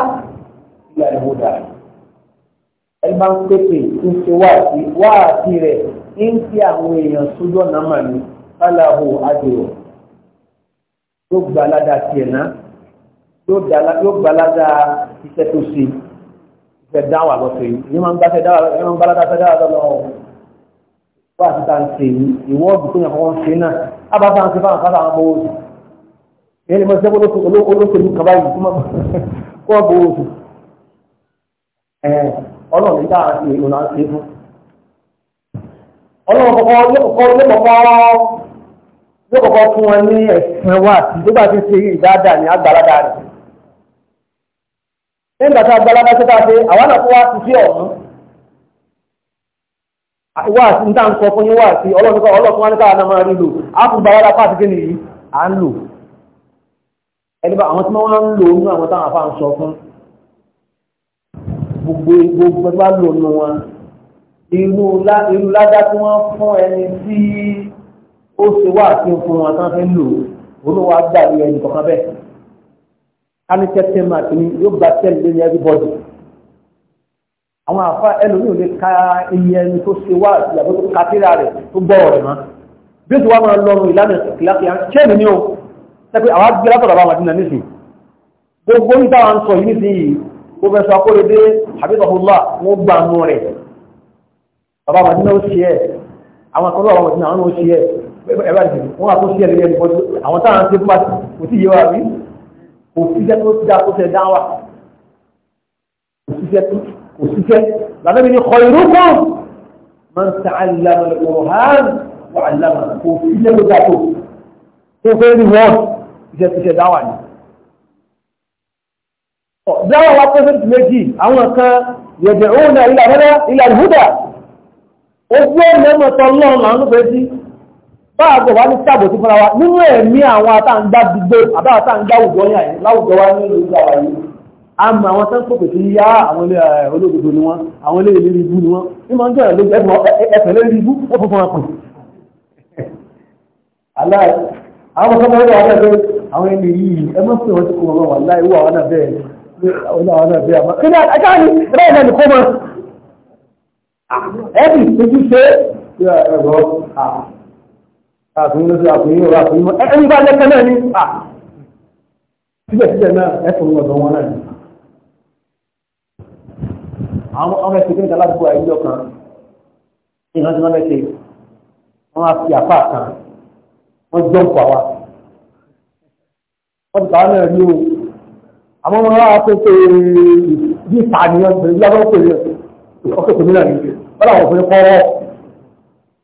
ila al-huda. Ẹ máa ń pèpè tí ń ṣe wáàtí wáàtí rẹ̀ ń fi àwọn èèyàn sójú ọ̀nà mà ní aláwo adìrò. Yóò gba aládàá tiẹ̀ náà. Yóò gba aládàá iṣẹ́ tó ṣe. Ìfẹ́ dáwà lọ́sẹ̀ yìí. Ìyẹn máa ń gbáṣẹ́ dáwà lọ́sẹ̀ yìí. bá a ti ìwọ́ọ̀dù tó yàn ṣe náà ń ṣe fáwọn ọmọ oṣù èyí ni mo ṣe olóṣèlú kaba yìí wá sí ní táǹkọ fún yín wá sí ọlọ́pàá ọlọ́pàá ní káà náà máa rí lò á fún gbàwọ́ lápá àti kíni yìí à ń lò ẹni bá àwọn tí wọ́n ń lò nínú àwọn táwọn afá ń sọ fún gbogbo gbogbo bá lò nù wọn irú ládá tí wọ́n fún ẹni tí ó ṣe wá sí fún wọn tán fi ń lò olówó agbáyé ẹnì kọ̀ọ̀kan bẹ́ẹ̀ ká ní tẹ́tẹ́ máa yóò gba tẹ́lẹ̀ lé ní everybody àwọn àfa ẹlòmíì ò lè ka iye ẹni tó ṣe wá ìyàbọ̀ tó ka tíra rẹ̀ tó gbọ́ ọ̀rẹ̀ mọ́ bí ó ti wá máa lọrùn ìlànà ìkìláfì à ń ṣé mi ní o sẹ́pẹ́ àwọn agbèrè látọ̀dọ̀ àwọn àdínà nísìn gbogbo ní táwọn sọ yìí nísìn yìí pòfẹ́sọ akóredé àbíkọ̀fúnlá wọn gbà òṣìṣẹ́ lànàbí ni khairukum man ta'allama al-Qur'an wa 'allama kò sílẹ̀ ló dàtò tó fẹ́ rí wọ́n iṣẹ́ iṣẹ́ dáwà ni. dáwà wa pẹ́sẹ̀ tí méjì àwọn kan wá ní sàbòtí fúnra wa nínú ẹ̀mí àwọn atáǹgbá gbígbé àbáwọ̀ atáǹgbá àwùjọ ní àyè láwùjọ wa ní ìlú ìgbà a mọ àwọn tán pòpè tí yá àwọn ilé eh, olóògbòdò ni wọ́n àwọn ilé ìlérí ibú ni wọ́n ní ma ń jẹ́ ìlú ẹ̀fẹ̀ lérí ibú ó fún fún apùn aláì àwọn ọmọ ọmọ ọmọ ọmọ àwọn ẹni yìí ẹ mọ́ pé wọ́n ti kó wọn wà láì wọ́n àwọn àbẹ́ àwọn àbẹ́ àmọ́ kí ni ajá ni bẹ́ẹ̀ náà ni kó mọ́ ẹbí ojú ṣe ẹ̀rọ àfihàn lọ́sọ̀ àfihàn ọ̀rọ̀ àfihàn ẹni bá lẹ́kọ̀ọ́ náà ni síbẹ̀síbẹ̀ náà ẹ̀fọ́ ọ̀dọ̀ wọn náà àwọn ọmọ ẹsẹ̀ kí ní kàlá gbogbo àìlú ọkàn ìran tí wọ́n mẹ́sẹ̀ wọ́n á fi àpá kan wọ́n jọ́ nǹkan wa wọ́n ti kàwá náà rí o àmọ́ wọn wá pé pé bí ìpànìyàn pẹ̀lú lábẹ́ òkè rẹ̀ ọkọ̀ tó nílẹ̀ nìyẹn wọ́n làwọn òfin kọ́ ọ́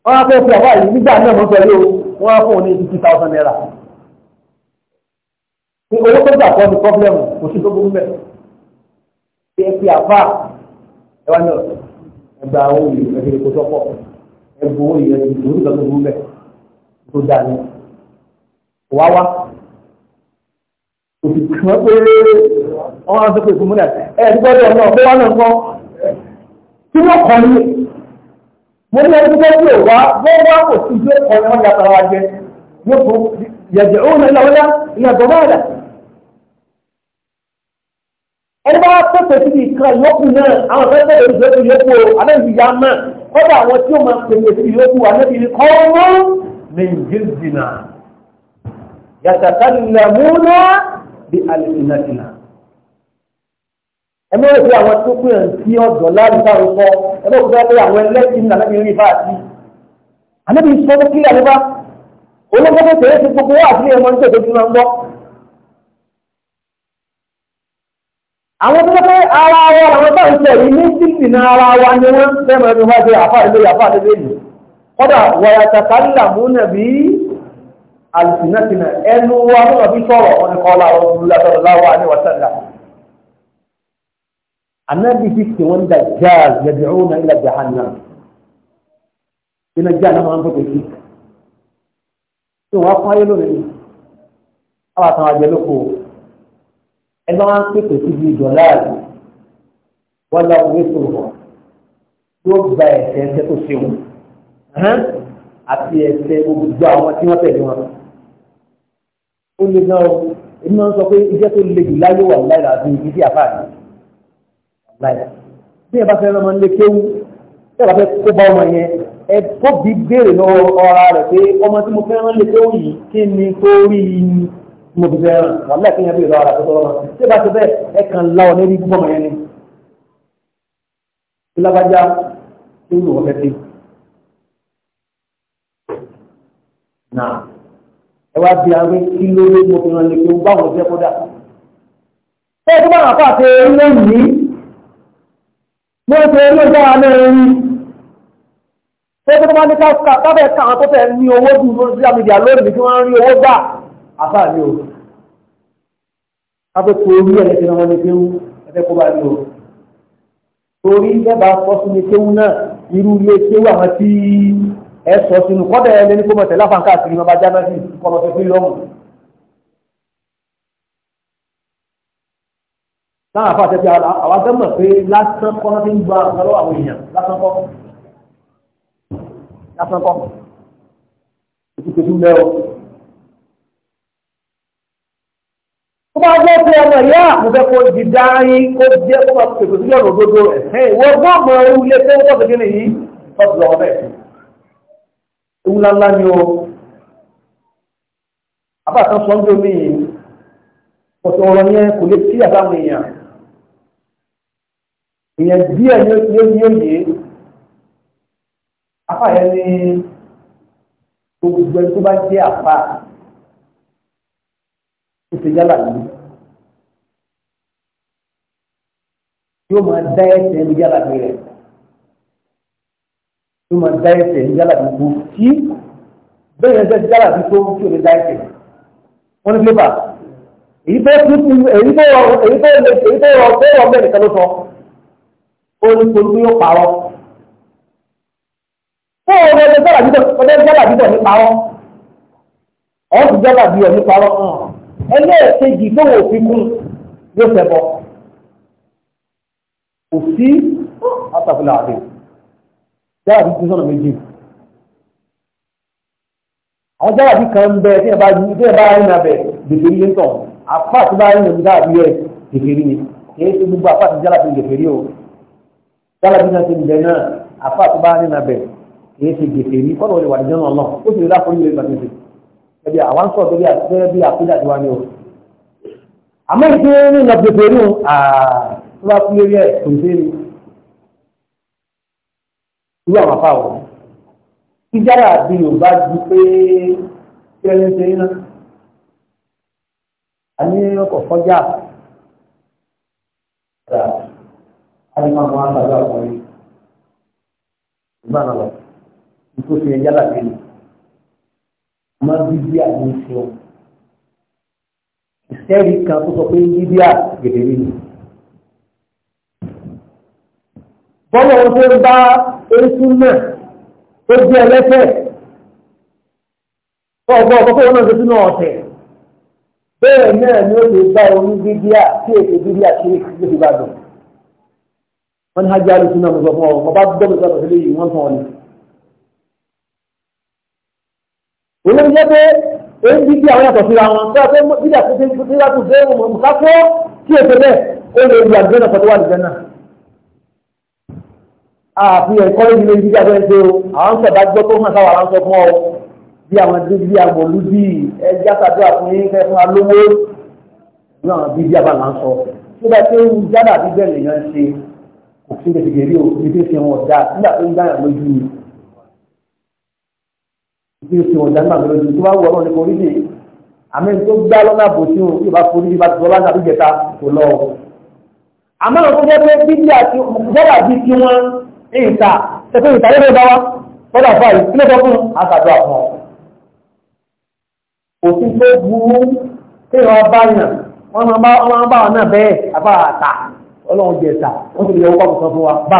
wọ́n á fẹ́ fi àpá yìí nígbà náà mọ́ pẹ̀lú wọ́n á fún òun ní fifty thousand naira ẹ wá náà ẹgbà owó yìí ẹgbẹ́ epo tọ́pọ̀ ẹgbà owó yìí ẹgbẹ́ ìdòwú kan tó burú bẹ̀ tó dà ní. wá wá òsì kan pé wọ́n á sọ pé ìfúnmúlẹ̀ ẹ̀ ẹ̀ gbọ́dọ̀ náà pé wọ́n náà kọ́ kí wọ́n kọ́ ní mo ní ẹni tó yóò wá wọ́n wá kò sí ilé ọ̀rẹ́ wọn yàtọ̀ wa jẹ yóò fún yẹ̀jẹ̀ òun náà ìlàwọ́lá ìlàgbọ̀n ẹni bá pèsè síbi kan yòókù náà àwọn fẹ́ tẹ̀lé ìjọba yòókù o anábì ya mọ̀ kọ́dà àwọn tí ó máa pèsè síbi yòókù anábì ni kọ́ọ̀mù nàìjíríà yàtàkà nàmúnà bí alìsìnàtìnà. ẹ mọ̀ pé àwọn tó pè ń tí ọ̀dọ̀ láàrin bá rúkọ ẹ mọ̀ pé àwọn ẹlẹ́sìn náà lábẹ́ rí bá sí. anábì sọ́dún kílẹ̀ nípa olóńgbò àwọn tó pé ara wa àwọn tó ń sọ yìí ní sílì ní ara wa ni wọ́n fẹ́mọ̀ ẹni wájú àfáà ilé àfáà àdébé yìí kọ́dà wọ̀yà tàkàlà múnà bí alìsìnàtìnà ẹnu wa mọ̀ bí sọ̀rọ̀ wọn ni kọ́lá wọn lù látọ̀rọ̀ láwa ní wàsánlá anábì fi kí wọ́n dà jáàz yad'una ila jahannam iná jáàz máa ń fẹ́ sí tí wọ́n fún ayé lónìí ẹ bá wọn pèpè síbi ìdọ̀lá àlù wọn lọ wí sòrò yóò gba ẹ̀ṣẹ̀ ẹ̀ṣẹ̀ tó ṣe wọn àti ẹ̀ṣẹ̀ gbogbo àwọn tí wọ́n tẹ̀lé wọn. ó lè náà èmi náà sọ pé iṣẹ́ tó le jù láyé wà láì láti ibi àfáàní láì bí ẹ bá fẹ́ ọmọ nílé kéwú bí ẹ bá fẹ́ kó bá ọmọ yẹn ẹ kó bí béèrè lọ́wọ́ ọ̀ra rẹ̀ pé ọmọ tí mo fẹ́ràn lè kéwú yìí kí ni tó rí i ni mo fi fẹ́ràn wọ́n lẹ́ẹ̀kí yẹn bí ìlú ara tó tọ́lọ́mọ tí ó bá ti bẹ́ẹ̀ ẹ kàn la ọ lórí púpọ̀ mọ̀ yẹn ni ìlàbájá tó ń lò wọ́n fẹ́ dé. nà ẹ wá bí awé kí ló lé mo fi hàn lè pé ó bá wọn jẹ́ kódà. ṣé ẹ tó bá wà fún àti ilé yìí mo ṣe ilé ìjọba náà rí ṣé tó bá ní ká káfẹ́ káwọn tó fẹ́ ní owó dùn lórí social media lónìí kí wọ́n rí owó gbà àfáà ní o. Abe tori afẹ́kọ̀ọ́ orí ẹ̀ lẹ́sẹ̀ wọn lè kéwú ẹ̀fẹ́kọ̀ bá lò torí lẹ́bàá sọ sínú kéwú náà irú ilé kéwú àwọn tí ẹ sọ sínú kọ́dà ẹ lẹ́ni kó mọ̀ tẹ̀lé àfàǹkà àti ìmọ̀ bá jáná sí kọ́mọ fẹ́ fi lọ́mù. láwọn afọ àtẹ́tẹ́ àwọn agbẹ́mọ̀ pé lásán kọ́ náà ti ń gba àwọn àwọn èèyàn lásán kọ́ lásán kọ́ tó bá jẹ́ pé ọmọ ìyá mo fẹ́ kó di dárín kó jẹ́ kó máa pèsè sílẹ̀ òdodo ẹ̀hẹ́ ìwọ gbọ́mọ ewu ilé tó ń tọ́ kékeré yìí tọ́sí lọ́wọ́ bẹ́ẹ̀ sí. ewu ńláńlá ni o abáàtàn sọ ń dé omi yìí ọ̀sẹ̀ ọ̀rọ̀ yẹn kò lè sí àbáwọn èèyàn èèyàn díẹ̀ ni ó ní òye afáyẹ ni gbogbo ẹni tó bá jẹ́ àpá ṣe yálà yìí yóò máa dá ẹsẹ̀ ní yálà yìí rẹ̀ yóò máa dá ẹsẹ̀ ní yálà yìí kú kí bẹ́ẹ̀ yẹn ṣe yálà yìí tó kí o lè dá ẹsẹ̀ wọ́n ní pépà èyí tó tún tún èyí tó rọ èyí tó lè èyí tó rọ tó rọ bẹ́ẹ̀ nìkan ló sọ ó ní kó ló yóò pààrọ̀ fún ọ̀rọ̀ ẹgbẹ́ yálà yìí ọ̀rọ̀ ẹgbẹ́ yálà yìí ní pààrọ̀ ọ̀ ẹlẹ́ẹ̀kejì tó wò fi kún yóò fẹ́ bọ́ kò sí àtàkùnlé àdé jáwà bí tún sọ̀nà méjì àwọn jáwà bí kan bẹ tí ẹ bá yí tí ẹ bá rí nàbẹ gbèsè rí lẹ́tọ̀ àpá àti bá rí nàbẹ jáwà bí rẹ gbèsè rí ni kìí ṣe gbogbo àpá àti jáwà bí gbèsè rí o jáwà bí náà ti bẹ náà àpá àti bá rí nàbẹ kìí ṣe gbèsè rí kọ́nà olè wà ní jẹ́nu ọlọ́ ó sì rí láfọ́ nílé ìgbà ẹbí àwọn ń sọ̀tọ̀ gẹ́gẹ́ bí àpídà tí wọ́n ní o. àmọ́ ìpín ní ìlọ́pẹ̀pẹ̀ nù tó bá kú lórí ẹ̀ kò sí irú àwọn afá wọn. ìjára bí yorùbá ju pé kí ẹni ṣe iná. a ní ọkọ̀ kọjá a ní máa mọ àgbàdo àkọ́rí. ìgbà náà lọ ikú fi ẹjá làbẹ́lẹ̀ má bíbí àdúgbò sí wọn. ìsẹ́rí kan tó sọ pé bíbí àgèdè rí ni. bọ́lá wọn tó ń bá eéṣú náà tó jẹ́ ẹlẹ́sẹ̀ ọgbọ́n ọgbọ́n wọn náà tó sínú ọ̀tẹ̀ bẹ́ẹ̀ náà ni ó lè bá oní bíbí à tí èdè bíbí à ṣe é dùn. wọ́n ní hajj alùpùpù náà mo sọ fún ọ ọba gbọ́dọ̀ sọ̀rọ̀ sílé yìí wọ́n sọ ọ ni. òun jẹ́ pé èyí bí bí àwọn yàtọ̀ síra wọn tó yà pé bídà tó ti ti láti gbé nǹkan fún kí èso bẹ́ẹ̀ ó lè lu àgbẹ̀ náà pẹ̀lú àdìgbẹ́ náà. àfi ẹ̀kọ́ yìí lè bí abẹ́ ṣe o àwọn sọ̀dá gbọ́ tó hàn sáwà láńsọ fún ọ bí àwọn dé bí àgbọ̀lú bí ẹja sàdúrà fún yín fẹ́ fún alówó ní àwọn bí bí abà láńsọ. tó bá ṣe ń jábà bí bẹ́ẹ̀ lè yan ṣe kò sí bí o ti wọ̀n dáná àgbẹ̀rẹ̀ ojú tó bá wù ọlọ́run ní kò rí àmì tó gbá lọ́nà àbòsí o yóò bá forí bí bá ti lọ́lá tàbí jẹta kò lọ. àmọ́ àwọn tó jẹ́ pé bíbí àti bọ́lá bí kí wọ́n ní ìta ṣẹ́fẹ́ ìta lẹ́fẹ́ bá wá bọ́lá fà yìí kí ló sọ fún àtàdó àfọ̀n. òfin tó burú kéèyàn bá yàn wọ́n máa bá wọn náà bẹ́ẹ̀ àbá àtà ọlọ́run jẹta wọ́n ti lè wọ́pọ̀ sọ fún wa bá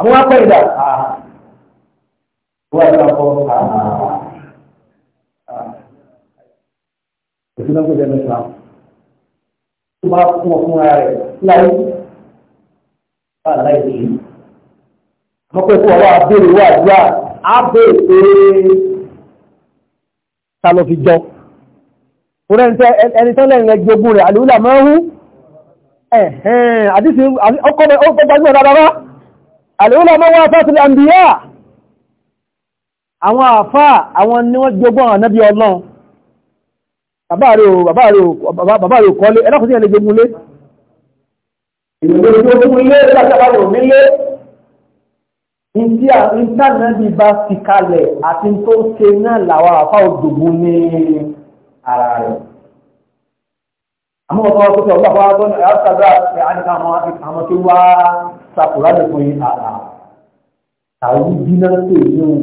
àwọn apá ìdá wọ́n ẹ̀ka kọ́ òfin náà kò jẹ́ nípa tó bá fún ọkùn ara rẹ̀ láyé bá láyé yìí àmọ́pẹ́ fún ọwọ́ abéèrè wà àdúrà ábéèrè pé ta ló fi jọ fúnra ẹni tán lẹ́yìn ẹgbẹ́ ogun rẹ̀ àlùlà máa ń hú ẹ̀hẹ́n àdísì ọkọ̀ gbajúmọ̀ dáadáa al'ulama wafatul anbiya àwọn àfá àwọn ni wọ́n jogbọ́n ànábí ọlọ́run bàbá rẹ̀ ò bàbá rẹ̀ ò bàbá rẹ̀ ò kọ́lé ẹlọ́kùnrin ẹ̀lẹ́ jogun lé ìgbẹ̀rẹ̀ ilé ìlàkàbàrò nílé ìtí àìntànàbí bá fi kalẹ̀ àti tó ṣe náà làwọn àfá òdògún ní ara rẹ̀ àmọ́ ọ̀tọ́ wọn kókò ọgbà wọn tó ní àṣàdá àdìkà àwọn tó wá sàkùrá lè fún yín àrà àwọn ìdíná pè ní òun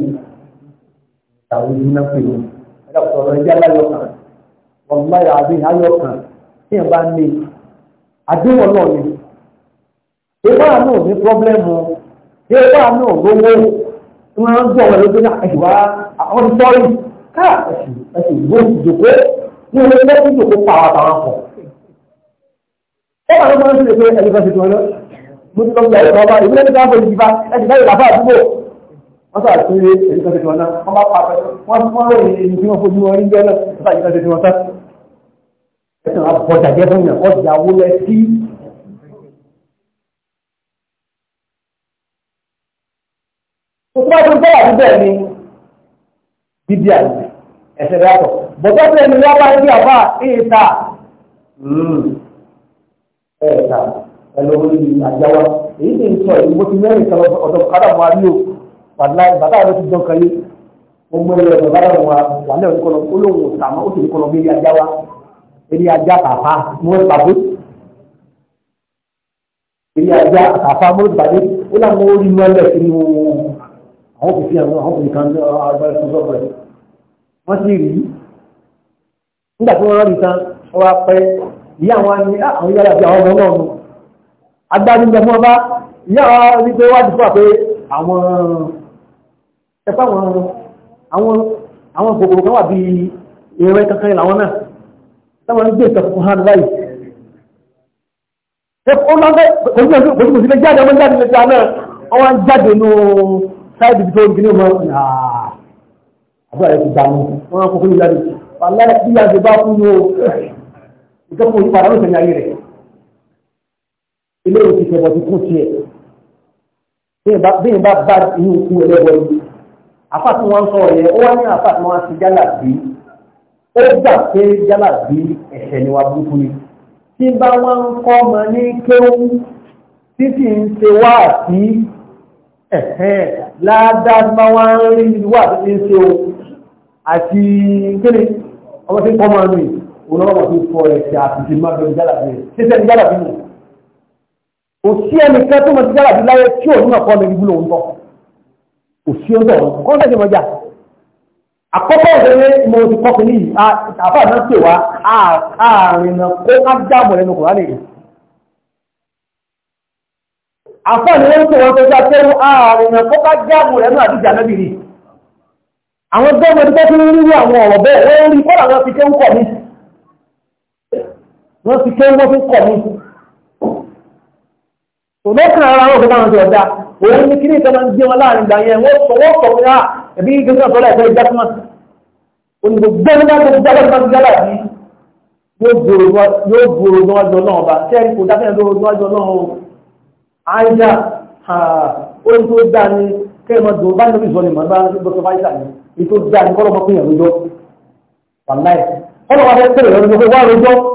àwọn ìdíná pè ní òun ẹ̀dá kò sọ̀rọ̀ ẹ̀jẹ̀ aláyọ̀kan wọn bá yà àbí ayọ̀kan tí yẹn bá ní àdéhùn náà ni ìfá àánú ní pọ́blẹ́mù ìfá àánú gbogbo tí wọ́n ń gbọ́ wọn lójú náà ẹ̀sìn wá àwọn ti sọ́ọ́rì káà ẹ̀sìn ẹ̀sìn gbòòjòkó ní ó wà lọ́wọ́ sí ẹgbẹ́ ẹgbẹ́ ṣètò ọ̀nà mo ti lọ́gbà ẹ̀rọ ọba ìbílẹ̀ ní káàbọ̀ ìjìbá ẹ̀dì báyìí làbá àdúgbò wọ́n sọ àti ṣe ẹgbẹ́ ṣètò ọ̀nà wọ́n bá pa wọ́n fún ọ̀rọ̀ èyí tí wọ́n fojú wọn rí jẹ́ náà nípa ìgbà ṣètò ọ̀tá ẹ̀sìn àbọ̀dà jẹ́ fún yàn ọjà wo lẹ sí. Òṣùpá tó ń tọ́wà níbẹ̀ ni bíbí àgbẹ̀ ẹ̀sẹ̀ rẹ̀ àtọ̀. Bọ̀dọ́ ẹ̀ẹ̀ta ẹlọ́rí àjáwá èyí tí ń sọ èyí mo ti mẹ́rin kan ọ̀dọ̀ kádà wọn rí o wàlá bàtà rẹ ti dán kan yé mo mọ ilẹ̀ ọ̀dọ̀ bàtà wọn wà lẹ́ òní kọlọ olóhùn òsàmọ́ ó sì ní kọlọ bí eré àjáwá eré ajá pàpà mo ń pàbó eré ajá pàpà mo ń pàdé ó láwọn orí inú ẹlẹ́ sí ní àwọn kò fi àwọn àwọn kò nìkan agbára tó sọ̀rọ̀ rẹ̀ wọ́n sì rí nígbà tí wọ́n rán tán wọ́n wá pẹ́ ìyá ah, àwọn ni àwọn yára bí àwọn ọmọ náà nù agbára ń bẹ fún ọba ìyá àwọn wípé wájú fún àpé àwọn ẹ̀fọ́ àwọn àwọn àwọn kòkòrò kan wà bí ìrẹ́ kankan làwọn náà táwọn ń gbé ìtọ́kùn hàn báyìí ó lọ́gbẹ́ kò ní kò sí lè jáde ọmọ jáde lẹ́ta náà wọ́n wá ń jáde ní sáìdì tó ń gbìnú mọ́ àbúrò nǹkan fún ìpadà lóṣèlú ayé rẹ̀ ilé ìwé ti fẹ̀bọ̀ ti kún tiẹ̀ bí n bá bá inú ikú ẹlẹ́bọ̀ yìí àfa tí wọ́n ń sọ̀rọ̀ yẹn ó wá ní àfa tí wọ́n ti jálà bí ó gbà pé jálà bí ẹ̀ṣẹ̀ ni wà burúkú ni tí n bá wọn ń kọ́ ọmọ ní kéwú tí sì ń ṣe wá sí ẹ̀hẹ́n ládàá tí wọ́n ń rí wá sí ṣe o àti kéde ọmọ tí ń kọ́ ọmọ nù yìí olówó tó fọ ẹ̀sẹ̀ àtìsí má bẹ̀rù jálàbí rẹ̀ ṣíṣẹ́ ní jálàbí mù kò sí ẹnìkan tó mọ̀ sí jálàbí láyé tí òun náà kọ́ mi níbi lòun tọ́ kò sí ọ́n tọ̀ kọ́ ń tẹ̀sẹ̀ mọ́jà àkọ́kọ́ òṣèré mo ti kọ́ kìíní yìí àfáà náà pè wá àárín náà kó á dáàbò lẹ́nu kò rálẹ̀ yìí àfáà ni wọ́n ń pè wọ́n tó já tẹ́rù àárín náà kó á dáàbò lẹ́nu àdíjà náà bìrì àwọn gbọ́mọdé tó ń rí àwọn wọ́n ti kẹ́ wọ́n fi kọ̀ mí sí. Òdó kan ara wọn kò táwọn ti ọ̀dà, òun ní kíní ìtọ́lá ń gbé wọn láàrin ìgbà yẹn, wọ́n sọ wọ́n sọ fúnra ah, ẹ̀bí gẹ́gẹ́ náà sọ́lá ìfẹ́ ìjà fún wọn. Olùgbògbé ní wọ́n ti jábọ̀ nípa ti jábọ̀ yìí. Yóò gbòòrò níwájú ọlọ́run ọba, sẹ́yìn kò dákẹ́ níwájú ọlọ́run o. Àìjà ohun tó dá ni kẹ́ẹ̀mọ́ dùn bá níbi ìsọ̀lẹ̀ mọ̀ bá dọ́kítọ̀ Fáìsà ni, èyí tó dá ni kọ́lọ́mọ́kùnrin àlójọ́. Wàláì, kọ́lọ́mọ́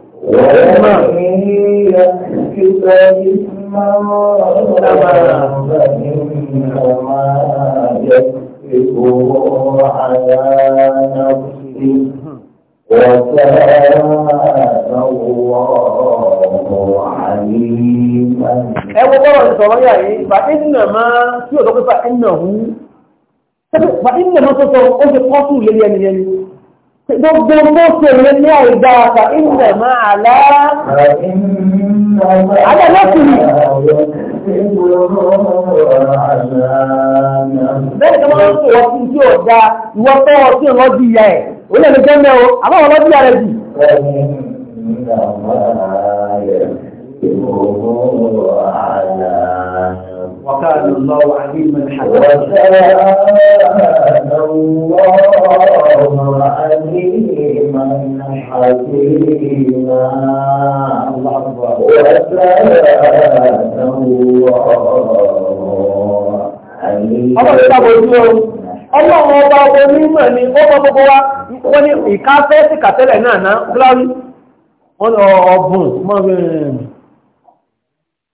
ومن يكسب إثما فإنما يكسبه على نفسه وكان الله عليما ẹwọ bọ́rọ̀ ìsọ̀rọ̀ yà yìí bà ìnà máa tí ò lọ́pẹ́fà ìnà hù bà ìnà máa tó sọ ó ṣe kọ́ fún ìlérí ẹni ẹni gbogbo mọ́sí rẹ̀ ní àìgbà àpá ìrìnlẹ̀ máa àlá alẹ́lọ́kùnrin bẹ́ẹ̀ tó wọ́n tó wọ́n tí ó dá ìwọ́n tó wọ́n tí wọ́n di ìyá ẹ̀ ó lè jẹ́ mẹ́ o àmọ́ wọ́n lọ́dí ààrẹ jù Ìgbòho àlàá وكان الله عليما حكيما الله أكبر ọmọ ìta bojú o ọlọ́run ọba onímọ̀ ni ó mọ́ gbogbo wa wọ́n ní ìkáfẹ́ sí kàtẹ́lẹ̀ náà náà gláwí wọ́n ọ̀bùn mọ́ bẹ̀rẹ̀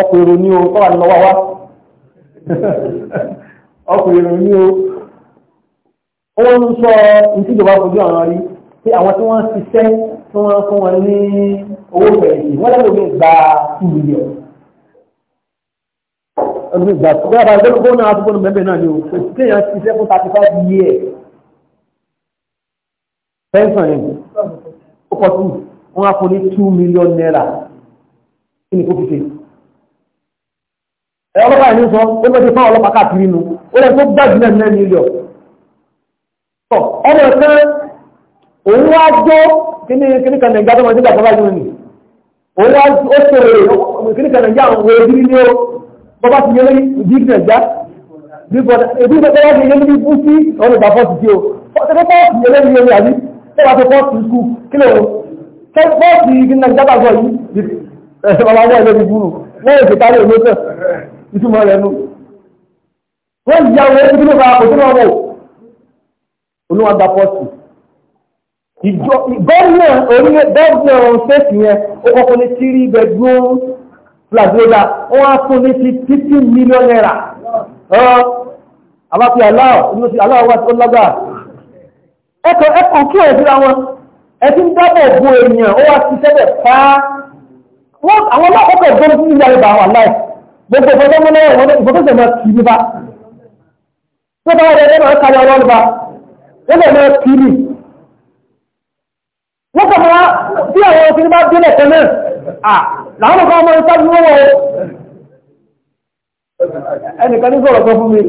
ọkọ̀ èrò ní o tọ́wà ní lọ́wọ́ wá ọkọ̀ èrò ní o ó ń sọ ìtìjọba fojú àwọn rí pé àwọn tí wọ́n ṣiṣẹ́ tí wọ́n fún wọn ní owó fẹ̀yìntì wọ́n lẹ́nu mi gba two million ọdún ìgbà tó bá bá gbọ́dọ̀ gbọ́dọ̀ àti gbọ́dọ̀ mẹ́bẹ̀ẹ́ náà ni o kéèyàn ṣiṣẹ́ fún thirty five years pension yẹn ó kọ́ sí wọn á fún ní two million naira kí ni kó fi ṣe ọlọ́pàá ìlú sọ ó lọ́dí fáwọn ọlọ́pàá káàkiri nu ó lẹ́ tó gbà jùlọ ní ilẹ̀ ọ̀ ọmọ ẹ̀kẹ́ òun wá jó kíní kan nàìjíríà tó máa dígbà bọ́bá yìí nì òun wá ó ṣòro kíní kan nàìjíríà àwọn òwe ìdílé ní ó bọ́bá ti yẹ lórí ìdí nàìjíríà ebi ìgbà tẹ́lá ti yẹ lórí bú sí ọ̀nà ìgbà fọ́ọ̀tì tí ó tẹ́lá fọ́ọ̀tì yẹ lórí omi àbí tẹ́lá tó fọ́ọ̀tì skú kí ló fọ́ọ̀tì kíní nàìjíríà bá gbọ́ yìí ọmọ àwọn ẹ̀lẹ́bí búrú lẹ́yìn ìfẹ́tàrí òmótẹ́ ìtumọ̀ rẹ̀ nú wọ́n yà wọ́n tí ló bá kò tí lọ́wọ́ olúwa gba pọ́ọ̀sì gọ́ọ̀nà orílẹ̀ gọ́ọ̀nà ṣẹ́ẹ̀sì yẹn ó kọ́kọ́ ní tírí bedroom plazola wọ́n á fún ní sí fifty million naira àbáfi aláwọ̀ inú sí aláwọ̀ wá sí ó lágbà ẹ̀kọ́ ẹ̀kọ́ kí ẹ̀ síra wọn ẹ ti ń dábọ̀ bo èèyàn ó wá sí sẹ́bẹ̀ pa àwọn alákọ̀ọ́kọ̀ gbọ́n sí ilé ayé gbogbo ìfọ̀tọ́ mú náà wọn ìfọ̀tọ́ sì máa kiri bá tó bá rẹ̀ lẹ́nu àkàlẹ̀ ọlọ́run bá wọ́n lè máa kiri wọ́n kọ̀ máa bí àwọn bá kan náà à ọkọ̀ ọmọ ìta bí wọ́n ẹnìkan ní sọ̀rọ̀ kan fún mi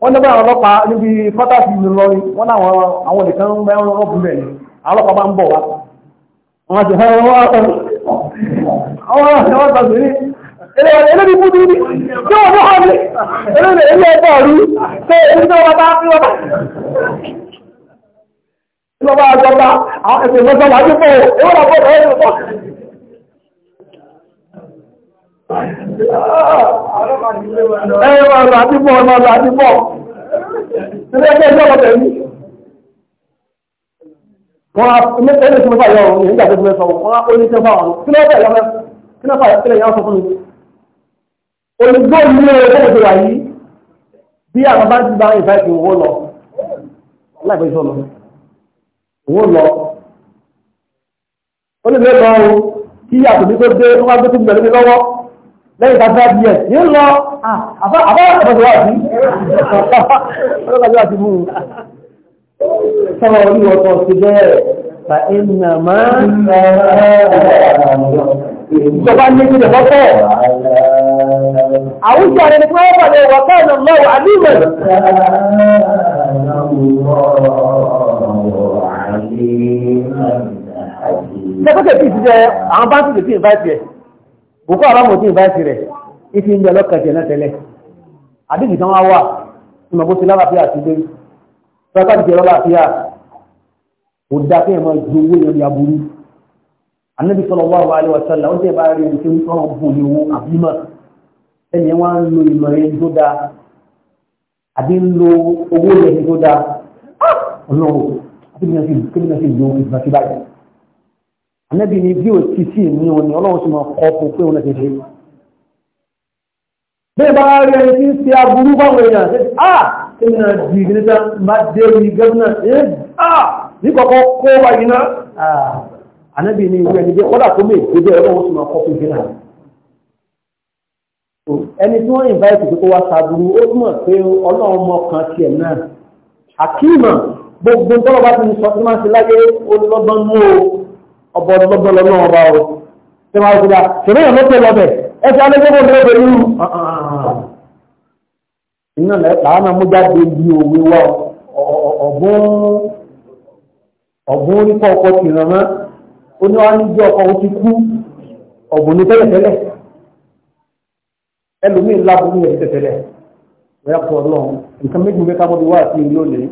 wọ́n ní ọlọ́pàá níbi fọ́tà sí ìlú wọ́n àwọn nìkan ń ẹlẹ́bí kú dúdú tí wọ́n náà ní ẹlẹ́bí ilé ẹgbẹ́ ọ̀rú pé ẹni tó wọ́n bá fi wọ́n bá tí wọ́n bá jọba àwọn ẹ̀sìn mọ́tò wájú pọ̀ ewé náà pọ̀ ẹ̀yìn pọ̀. ẹ̀yìn wọn mi olùgbò ní ẹgbẹ́ òṣèlú wà yìí bí àwọn bá ti bá ìfẹ́kì owó lọ láìpẹ́ ìṣọ́ lọ owó lọ ó lè lọ o kí àtòmí tó dé ó wá gbé tó gbẹ̀lú mi lọ́wọ́ lẹ́yìn tá bá díẹ̀ ní lọ àbá àbọ̀sọ̀ wà sí ọlọ́pàá ti mú un sọ́wọ́ orí ọ̀tọ̀ sí bẹ́ẹ̀ fa iná máa ń lọ ìjọba ní ìjọba pọ̀ àwùjọ rẹ̀ ni wọ́n wà ní wọ̀ká ìlú lọ́wọ́ àdúgbò. Sẹ́kọ́tẹ̀ tí ti jẹ àwọn bá ń tìlẹ̀ sí ìbáìsì rẹ̀, Boko Haram ò sí ìbáìsì rẹ̀, ìfi ń jẹ lọ́kàjẹ̀ náà tẹ́lẹ̀. Àdíjì kan wá wà, ìmọ̀ bó ti lálàáfíà ti gbé, sọ́kà ti jẹ lọ́làáfíà, kò dá ẹ̀mọ́ ju owó yẹn ní aburú. Ànábì sallallahu alaihi ó jẹ́ bá rí ibi tí ó ń tọ́ ẹni wọn ń lo ìmọ̀ yẹn tó dáa àbí ń lo owó yẹn tó dáa ah! ọlọ́wọ́ kébìnrin sì kébìnrin sì lo ìgbà tí báyìí ànábì ni bí o ti sí ìmú ni ọlọ́wọ́ sì máa kọ́ fún pé òun ti ṣe. bẹ́ẹ̀ bá rí ẹni tí ń ṣe aburú báwọn èèyàn ṣe á ah! kébìnrin di ìgbìnita bá dé orí gẹ́gùnà ẹ̀ á ah! ní kọ̀kọ́ kó wáyé náà ànábì ni ìwé ẹni jẹ́ kọ́dà tó mè é bẹ́ẹ̀ ọlọ́wọ́ sì máa kọ́ fún ìgbìnà ẹni tí wọ́n invite pé kó wá sàbúrú ó mọ̀ pé ọlọ́run mọ kan tiẹ̀ náà àkíìmọ̀ gbogbo tọ́lọ́ bá ti sọ tí máa ṣe láyé olùlọ́gbọ́n mú o ọbọ̀ ọlọ́gbọ́n lọ́nà ọba o tí wọ́n ti dá ṣòro yẹn ló pé lọ́bẹ̀ ẹ ti alẹ́gbẹ́gbẹ́ òbí lọ́bẹ̀ nínú iná làwọn amújáde bí òwe wa ọ̀gbọ́n orí kọ́ ọkọ̀ tìrànmọ́ ó ní wọ́n á ní jẹ́ ọkọ̀ ó ti kú ọ̀gbọ́n ní tẹ́lẹ̀tẹ́lẹ̀ ẹlòmíì ńlá burú yẹn tẹ̀tẹ̀ rẹ̀ rẹ̀ pọ̀ lọ́n nǹkan méjì ń bẹ ká bọ́dọ̀ wá sí i lónìí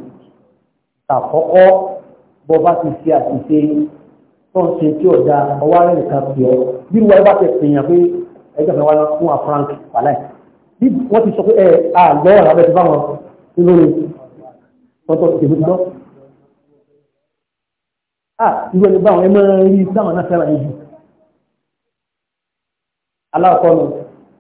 tàkọ́kọ́ bọ́ bá ti ṣe àṣìṣe tó ń ṣe tí ọ̀dà ọwọ́ rẹ̀ nìkan pè ọ́ bí wọ́n bá ti pèèyàn pé ẹgbẹ́ fẹ́ wá lọ fún Frank, wàláì bí wọ́n ti sọ pé ẹ àgbọ̀ làbẹ́ ti fáwọn lórí tọ́tọ́ ìdìbò ti dọ́. a irú ẹni báwọn ẹ máa ń rí táwọn náà fẹ́ràn yìí jù aláàkọ́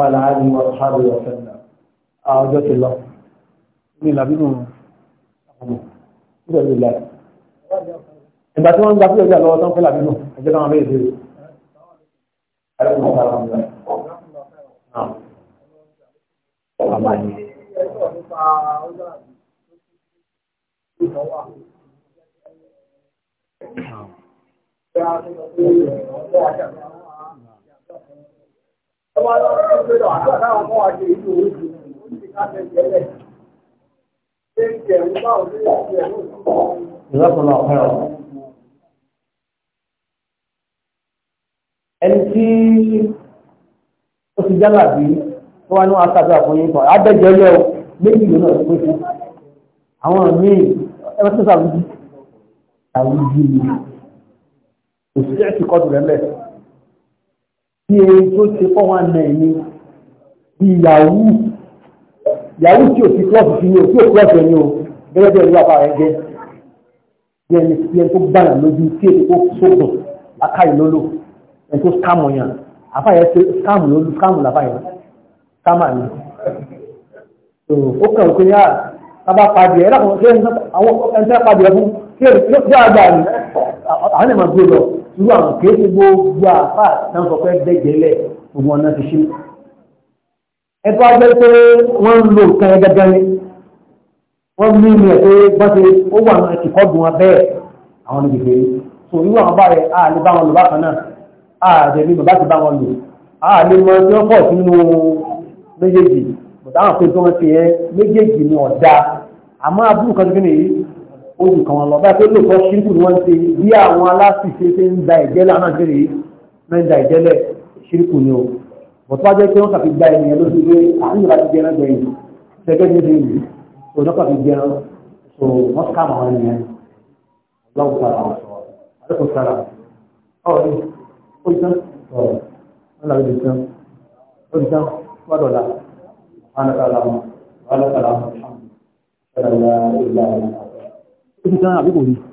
وعلى آله وأصحابه وسلم أعوذ بالله ní làbínú àwọn ìjọba ìlà ìgbà tí wọ́n ń gba fílẹ̀ ìjà lọ́wọ́ tó ń fẹ́ làbínú ẹgbẹ́ táwọn abẹ́yẹ̀ bèrè. Thank you ọmọ ẹni tí ó ti jálà bí tó wá ní wọn àtàkùn àfọyín kan abẹ́jọ́lẹ́ o méjì ló náà pé fún àwọn míì ẹgbẹ́ tó sàwùjí sàwùjí ni kò sí ẹ̀sìn kọ́dù rẹ̀ mẹ́rin bí ewu tó ṣe fọ́ wọn nà ẹ̀mí bí yahoo yahoo tí ò fi klọ́ọ̀fù sí ní o tí ò klọ́ọ̀fù ẹni o gẹ́gẹ́ bí ẹni wà fara ẹgbẹ́ bí ẹni tí ẹni tó gbàyàn lójú tí èdè tó sókùn lákàyè lólò ẹni tó skáàmù yàn àfàyẹ ṣe skáàmù lólù skáàmù làfàyẹ skáàmù àná ó kàn ó pé yá ah, tábà padì ẹ lákòókò ṣé ẹni tẹ́ padì ẹ fún ṣé àgbà ni ẹ̀ máa gbé lọ irú àwọn kéèké gbogbo àfà tán sọ pé dẹ́gẹ̀lẹ̀ ogun ọ̀nà ti ṣí ẹ̀tọ́ ajẹ́ pé wọ́n ń lo nǹkan ẹgẹ́gẹ́ ni wọ́n mú ní ẹ̀ pé wọ́n ti ó wà ní ẹ̀kọ́ dùn wọn bẹ́ẹ̀ àwọn olùgbègbè so irú àwọn bá rẹ̀ a lè bá wọn lò bákan náà a jẹ́ bí bàbá ti bá wọn lò a lè mọ tí wọ́n pọ̀ sínú méjèèjì bọ̀dá àwọn pé tí wọ́n ti yẹ méjèèjì ni ọ̀dà àmọ́ abúrú kan tó fi nìyí oògùn kan wọn lọ bá pé lóòótọ́ ṣínkù ni wọ́n ṣe bí àwọn aláṣìṣe ṣe ń da ìjẹ́lẹ̀ àwọn àṣírí máa ń da ìjẹ́lẹ̀ ṣínkù ni o bọ̀tọ́ bá jẹ́ pé wọ́n kàfi gba ènìyàn lóṣù pé àánú láti jẹ́ ẹran gbẹ̀yìn gẹ́gẹ́ bí ṣe yìí tó náà kàfi jẹ́ ẹran tó wọ́n ká àwọn ènìyàn lọ́wọ́ sára wọn sọ àdókò sára ọ̀ ní ó tán ọ̀ wọ́n làwọn ibi tán ó ti tán wọ́n dọ̀la wọn lọ́kàlà wọn wọn lọ́kàlà wọn 这个怎么样？这个